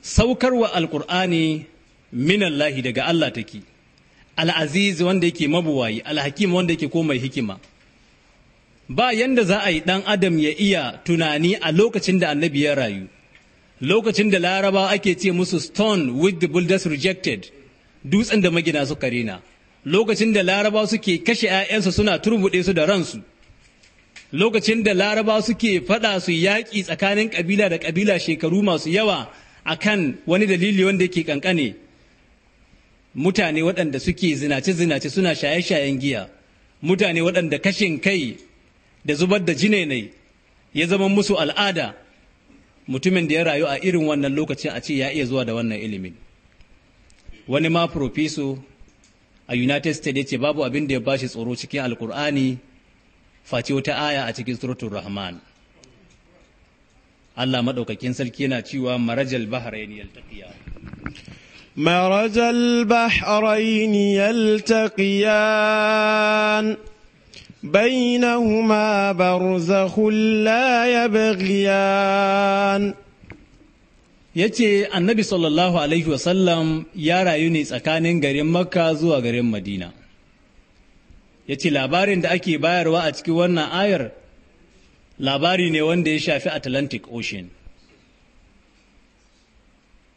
saukarwa alqur'ani minallahi daga Allah take al'aziz wanda yake mabuwayi alhakim wanda yake komai hikima ba yanda za a yi ɗan adam ya iya tunani a lokacin da annabi ya rayu lokacin da laraba ake ce musu stone with the builders rejected dutsen da magina suka rena lokacin da laraba suke kashe 'ya'yansu suna turbuɗe su da ransu lokacin da laraba suke faɗa su yaƙi tsakanin ƙabila da ƙabila shekaru masu yawa a kan wani dalili wanda yake ƙanƙane mutane waɗanda suke zinace-zinace suna shaye-shayen giya mutane waɗanda kashin kai da zubar da jinenai ya zama musu al'ada mutumin da ya rayu a irin wannan lokacin a ce ya iya zuwa da wannan ilimin wani ma profiso a united states ya ce babu abin da ya bashi tsoro cikin alkur'ani face wata aya a cikin suratul rahman allah maɗaukakin sarki yana cewa marajal bahrain yaltaqiya marajal bahrain yaltaqiyan بينهما برزخ لا يبغيان yace annabi sallallahu alaihi wasallam ya rayu ne tsakanin garin makka zuwa garin madina yace labarin da ake bayarwa a cikin wannan ayar labari ne wanda ya shafi atlantic ocean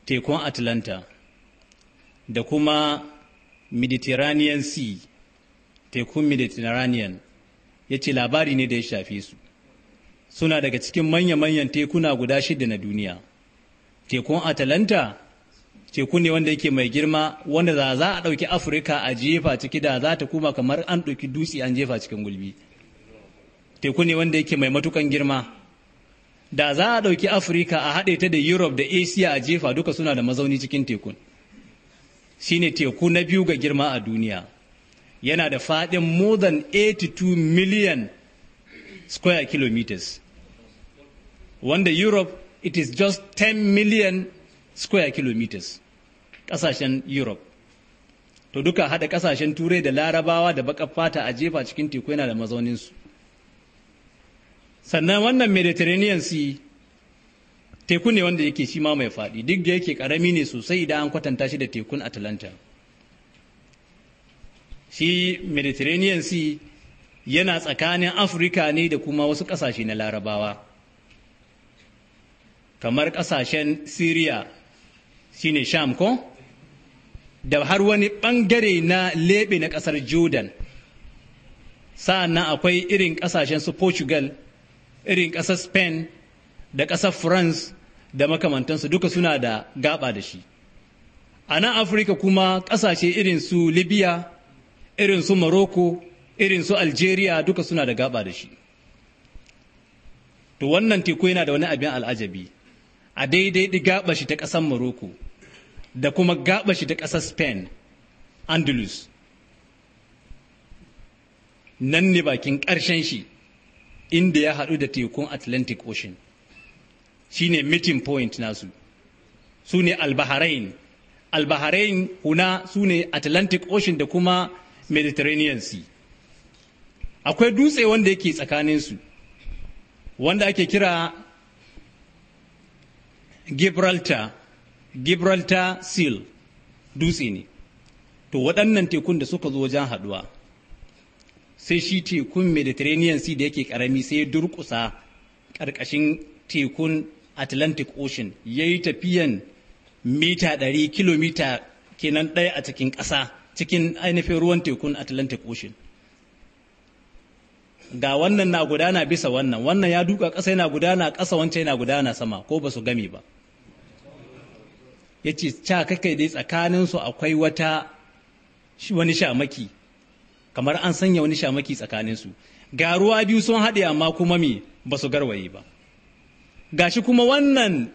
tekun atlanta da kuma mediterranean sea tekun mediterranean ya ce labari ne da ya shafe su suna daga cikin manya-manyan tekuna guda shida na duniya tekun atalanta teku ne wanda yake mai girma wanda za a ɗauki afirka a jefa ciki da za ta kuma kamar an ɗauki dutse an jefa cikin gulbi teku ne wanda yake mai matukan girma da za a ɗauki afirka a haɗe ta da europe da asia a jefa duka suna da mazauni cikin tekun shine teku na biyu ga girma a duniya yana da faɗin more than 82 million square kilometers wanda europe it is just 10 million square kilometers ƙasashen europe to duka haɗa ƙasashen turai da larabawa da baka fata a jefa cikin teku yana da mazauninsu sannan wannan mediterranean sea teku ne wanda yake shi ma mai faɗi duk da yake ƙarami ne sosai idan an kwatanta shi da tekun atlanta shi mediterranean sea yana tsakanin afirka ne da kuma wasu ƙasashe na larabawa kamar ƙasashen syria shine sham ko da har wani ɓangare na lebe na ƙasar jordan sa'annan akwai irin ƙasashen su portugal irin ƙasar spain da ƙasar france da makamantansu duka suna da gaba da shi a nan afirka kuma ƙasashe irin su libya irin su maroko irin su Algeria duka suna da gaba da shi to wannan teku yana da wani abin al'ajabi a daidai gaba shi ta ƙasar Maroko da kuma gaba shi ta ƙasar Spain Andalus nan ne bakin ƙarshen shi inda ya haɗu da tekun Atlantic Ocean shi ne meeting point nasu su ne albaharain albaharain huna su ne Atlantic Ocean da kuma mediterranean sea akwai dutse wanda yake su wanda ake kira gibraltar gibraltar seal dutse ne to waɗannan tekun da suka zo wajen haɗuwa sai shi tekun mediterranean sea da yake ƙarami sai ya durƙusa ƙarƙashin tekun atlantic ocean ya yi tafiyan mita 100 kilomita kenan ɗaya a cikin ƙasa cikin ainihin ruwan tekun Atlantic Ocean. Ga wannan na gudana bisa wannan, wannan ya duka ƙasa yana gudana ƙasa wancan yana gudana sama ko ba su gami ba. Ya ce, ca kakai dai tsakaninsu akwai wata wani shamaki, kamar an sanya wani shamaki tsakaninsu. Ga ruwa biyu sun haɗe amma kuma me ba su garwaye ba. ga shi kuma wannan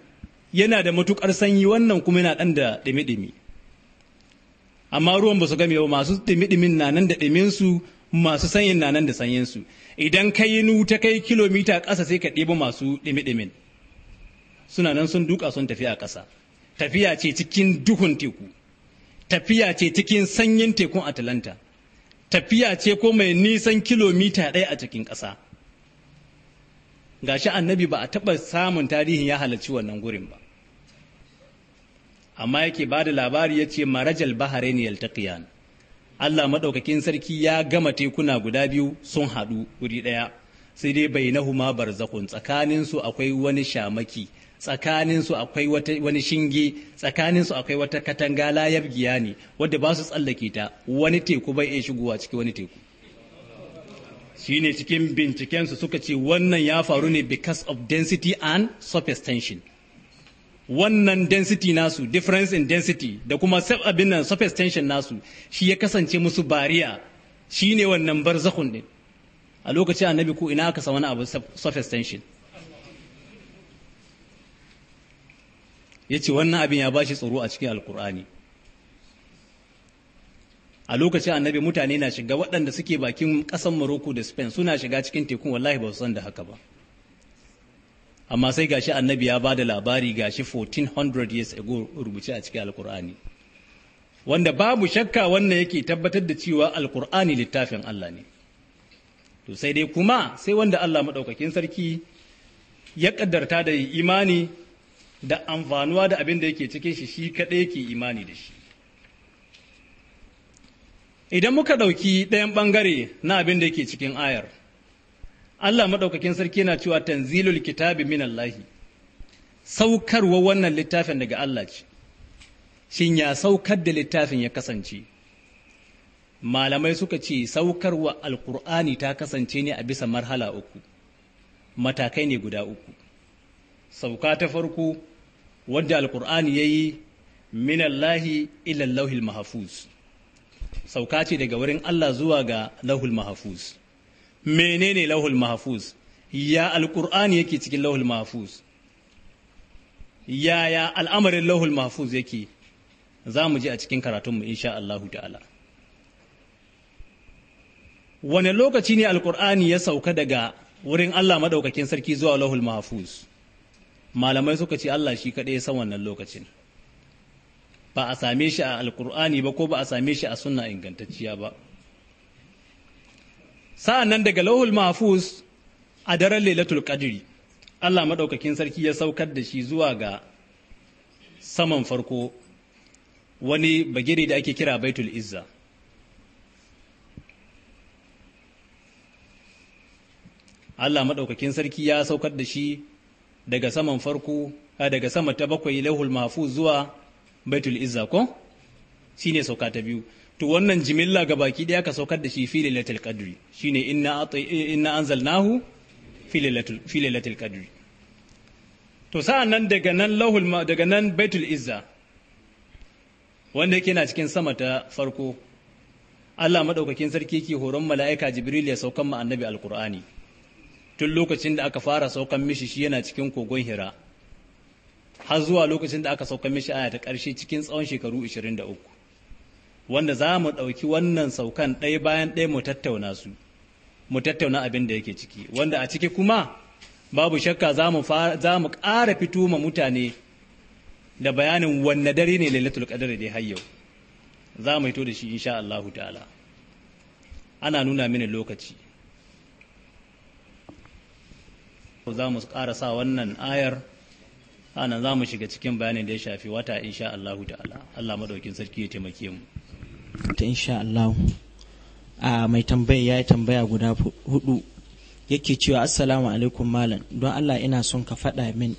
yana da matuƙar sanyi wannan kuma yana ɗan da ɗimi-ɗimi. amma ruwan ba su game ba masu ɗimiɗimin na nan da su masu sanyin na nan da sanyin su idan ka yi ta kai kilomita ƙasa sai ka ɗebo masu ɗimiɗimin suna nan sun duka sun tafi a ƙasa tafiya ce cikin duhun teku tafiya ce cikin sanyin tekun atalanta tafiya ce ko mai nisan kilomita ɗaya a cikin ƙasa gashi annabi ba a taɓa samun tarihin ya halarci wannan gurin ba amma yake ba da labari ya ce marajal baharain yaltaqiyan Allah madaukakin sarki ya gama tekuna guda biyu sun haɗu wuri ɗaya sai dai bai na huma barzakhun tsakanin su akwai wani shamaki tsakanin su akwai wani shinge tsakanin su akwai wata katanga layar giya ne wadda ba su tsallake ta wani teku bai iya shigowa cikin wani teku shine cikin bincikensu suka ce wannan ya faru ne because of density and surface tension wannan density nasu difference in density da kuma abin nan surface tension nasu shi ya kasance musu bariya shi ne wannan bar barzakhun din a lokacin annabi ko ina aka sa wani abu surface tension ya ce wannan abin ya bashi tsoro a cikin alkur'ani a lokacin annabi mutane na shiga waɗanda suke bakin ƙasar morocco da spain suna shiga cikin tekun wallahi ba su san da haka ba amma sai gashi annabi ya ba da labari gashi 1400 years ago rubuce a cikin alkur'ani wanda babu shakka wannan yake tabbatar da cewa alkur'ani littafin Allah ne to sai dai kuma sai wanda Allah maɗaukakin sarki ya ƙaddarta da imani da amfanuwa da abin da yake cikin shi shi kaɗai yake imani da shi idan muka ɗauki ɗayan ɓangare na abin da yake cikin ayar Allah maɗaukakin sarki yana cewa tanzilul kitabi min Allahi saukarwa wannan littafin daga Allah ce shin ya saukar da littafin ya kasance malamai suka ce saukarwa alkur'ani ta kasance ne a bisa marhala uku matakai ne guda uku sauka ta farko wanda alkur'ani ya yi minallahi ilallahil mahafuz sauka ce daga wurin Allah zuwa ga lahul mahafuz menene lauhul mahfuz ya alqur'ani yake cikin lauhul mahfuz yaya al'amarin lauhul mahfuz yake za mu ji a cikin karatunmu insha Allah ta'ala wane lokaci ne alqur'ani ya sauka daga wurin Allah madaukakin sarki zuwa lauhul mahfuz malamai suka ce Allah shi kaɗai ya san wannan lokacin ba a same shi a alkur'ani ba ko ba a same shi a sunna ingantacciya ba sa'an nan daga lauhul mahfuz a daren lailatul kadiri Allah maɗaukakin sarki ya saukar da shi zuwa ga saman farko wani bagire da ake kira baitul izza Allah maɗaukakin sarki ya saukar da shi daga saman farko daga sama ta bakwai lauhul mahfuz zuwa baitul izza ko ne sauka ta biyu to wannan jimilla ga baki daya ka saukar da shi fili lailatul kadri shine inna inna anzalnahu fi lailatul fili lailatul qadri to sa'an nan daga nan lahul daga nan baitul izza wanda yake na cikin sama ta farko Allah madaukakin sarki yake horon mala'ika Jibril ya saukan ma annabi alqur'ani tun lokacin da aka fara saukan mishi shi yana cikin kogon Hira har zuwa lokacin da aka saukan mishi aya ta ƙarshe cikin tsawon shekaru 23 wanda za mu ɗauki wannan saukan ɗaya bayan ɗaya mu tattauna su mu tattauna abin da yake ciki wanda a ciki kuma babu shakka za mu ƙara fito ma mutane da bayanin wanne dare ne lailatul qadr dai har yau za mu hito da shi insha ta'ala ana nuna mini lokaci za mu ƙara sa wannan ayar ana za mu shiga cikin bayanin da ya shafi wata insha Allah ta'ala Allah madaukin sarki ya taimake mu ta insha Allah a mai tambaya ya yi tambaya guda hudu yake cewa assalamu alaikum malam don Allah ina son ka faɗa min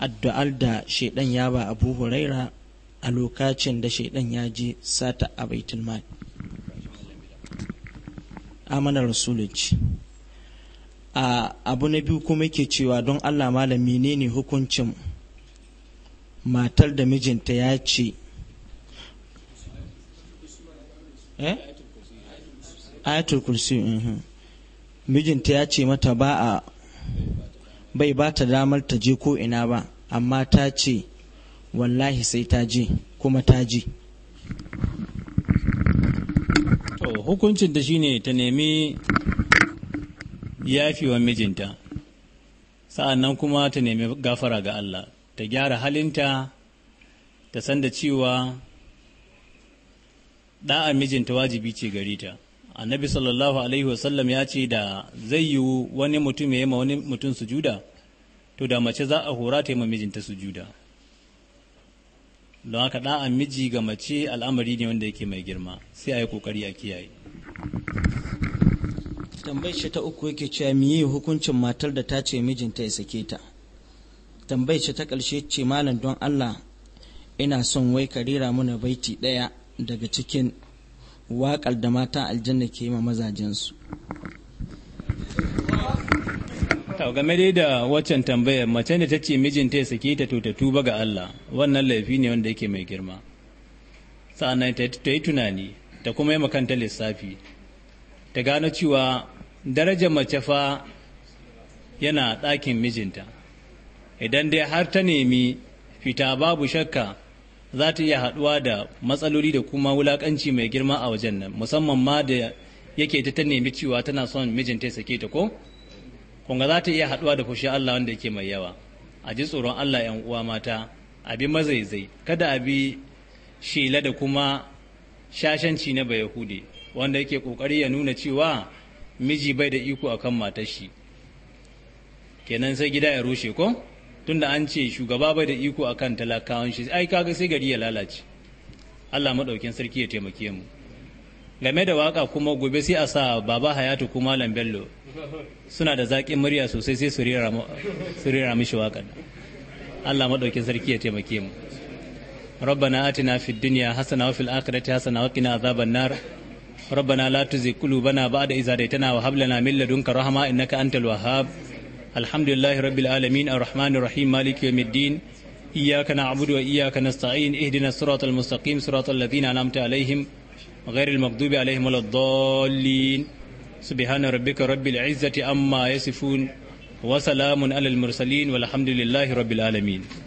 addu'ar da shaidan ya ba abu huraira a lokacin da shaidan ya je sata a baitul mal amana rasuluci a abu na biyu kuma yake cewa don Allah malam menene hukuncin matar da mijinta ya ce eh ayatul kursi mhm. mijinta ya ce mata ba a bai ba ta damar ta je ko ina ba amma ta ce wallahi sai ta je kuma ta je to hukuncin da shine ta nemi yafi wa mijinta sa'an nan kuma ta nemi gafara ga Allah ta gyara halinta ta san da cewa da'a mijinta wajibi ce gare ta annabi sallallahu alaihi wasallam ya ce da zai yiwu wani mutum ya yi ma wani mutum sujuda to da mace za a hora ta yi ma mijinta sujuda don haka da'a miji ga mace al'amari ne wanda yake mai girma sai a yi kokari a kiyaye tambayar shi ta uku yake cewa yi hukuncin matar da ta ce mijinta ya sake ta tambayar shi ta ƙarshe ce malam don allah ina son wai ka rera mana baiti ɗaya daga cikin waƙar da mata aljanna ke yi ma mazajensu to game dai da waccan tambayar mace da ta ce mijinta ya sake ta to ta tuba ga Allah wannan laifi ne wanda yake mai girma sa'annan ta yi tunani ta kuma yi makanta lissafi ta gano cewa darajar mace fa yana ɗakin mijinta idan dai har ta nemi fita babu shakka za ta iya haɗuwa da matsaloli da kuma wulakanci mai girma a wajen nan musamman ma da yake ta nemi cewa tana son mijinta ya sake ta ko kunga za ta iya haɗuwa da fushi Allah wanda yake mai yawa a ji tsoron Allah yan uwa mata a bi mazaizai kada a bi shela da kuma shashanci na bayahudi wanda yake kokari ya nuna cewa miji bai da iko akan matar shi kenan sai gida ya rushe ko tunda an ce shugaba bai da iko akan talakawan shi ai kaga sai gari ya lalace Allah madaukin sarki ya taimake mu game da waka kuma gobe sai a sa baba hayatu kuma lambello bello suna da zaƙin murya sosai sai su rera mishi waƙar Allah madaukin sarki ya taimake mu ربنا آتنا في الدنيا حسنة وفي الآخرة حسنة وقنا عذاب النار ربنا لا تزغ قلوبنا بعد إذ هديتنا وهب لنا من لدنك رحمة إنك أنت الوهاب الحمد لله رب العالمين الرحمن الرحيم مالك يوم الدين إياك نعبد وإياك نستعين اهدنا الصراط المستقيم صراط الذين أنعمت عليهم غير المغضوب عليهم ولا الضالين سبحان ربك رب العزة أما يصفون وسلام على المرسلين والحمد لله رب العالمين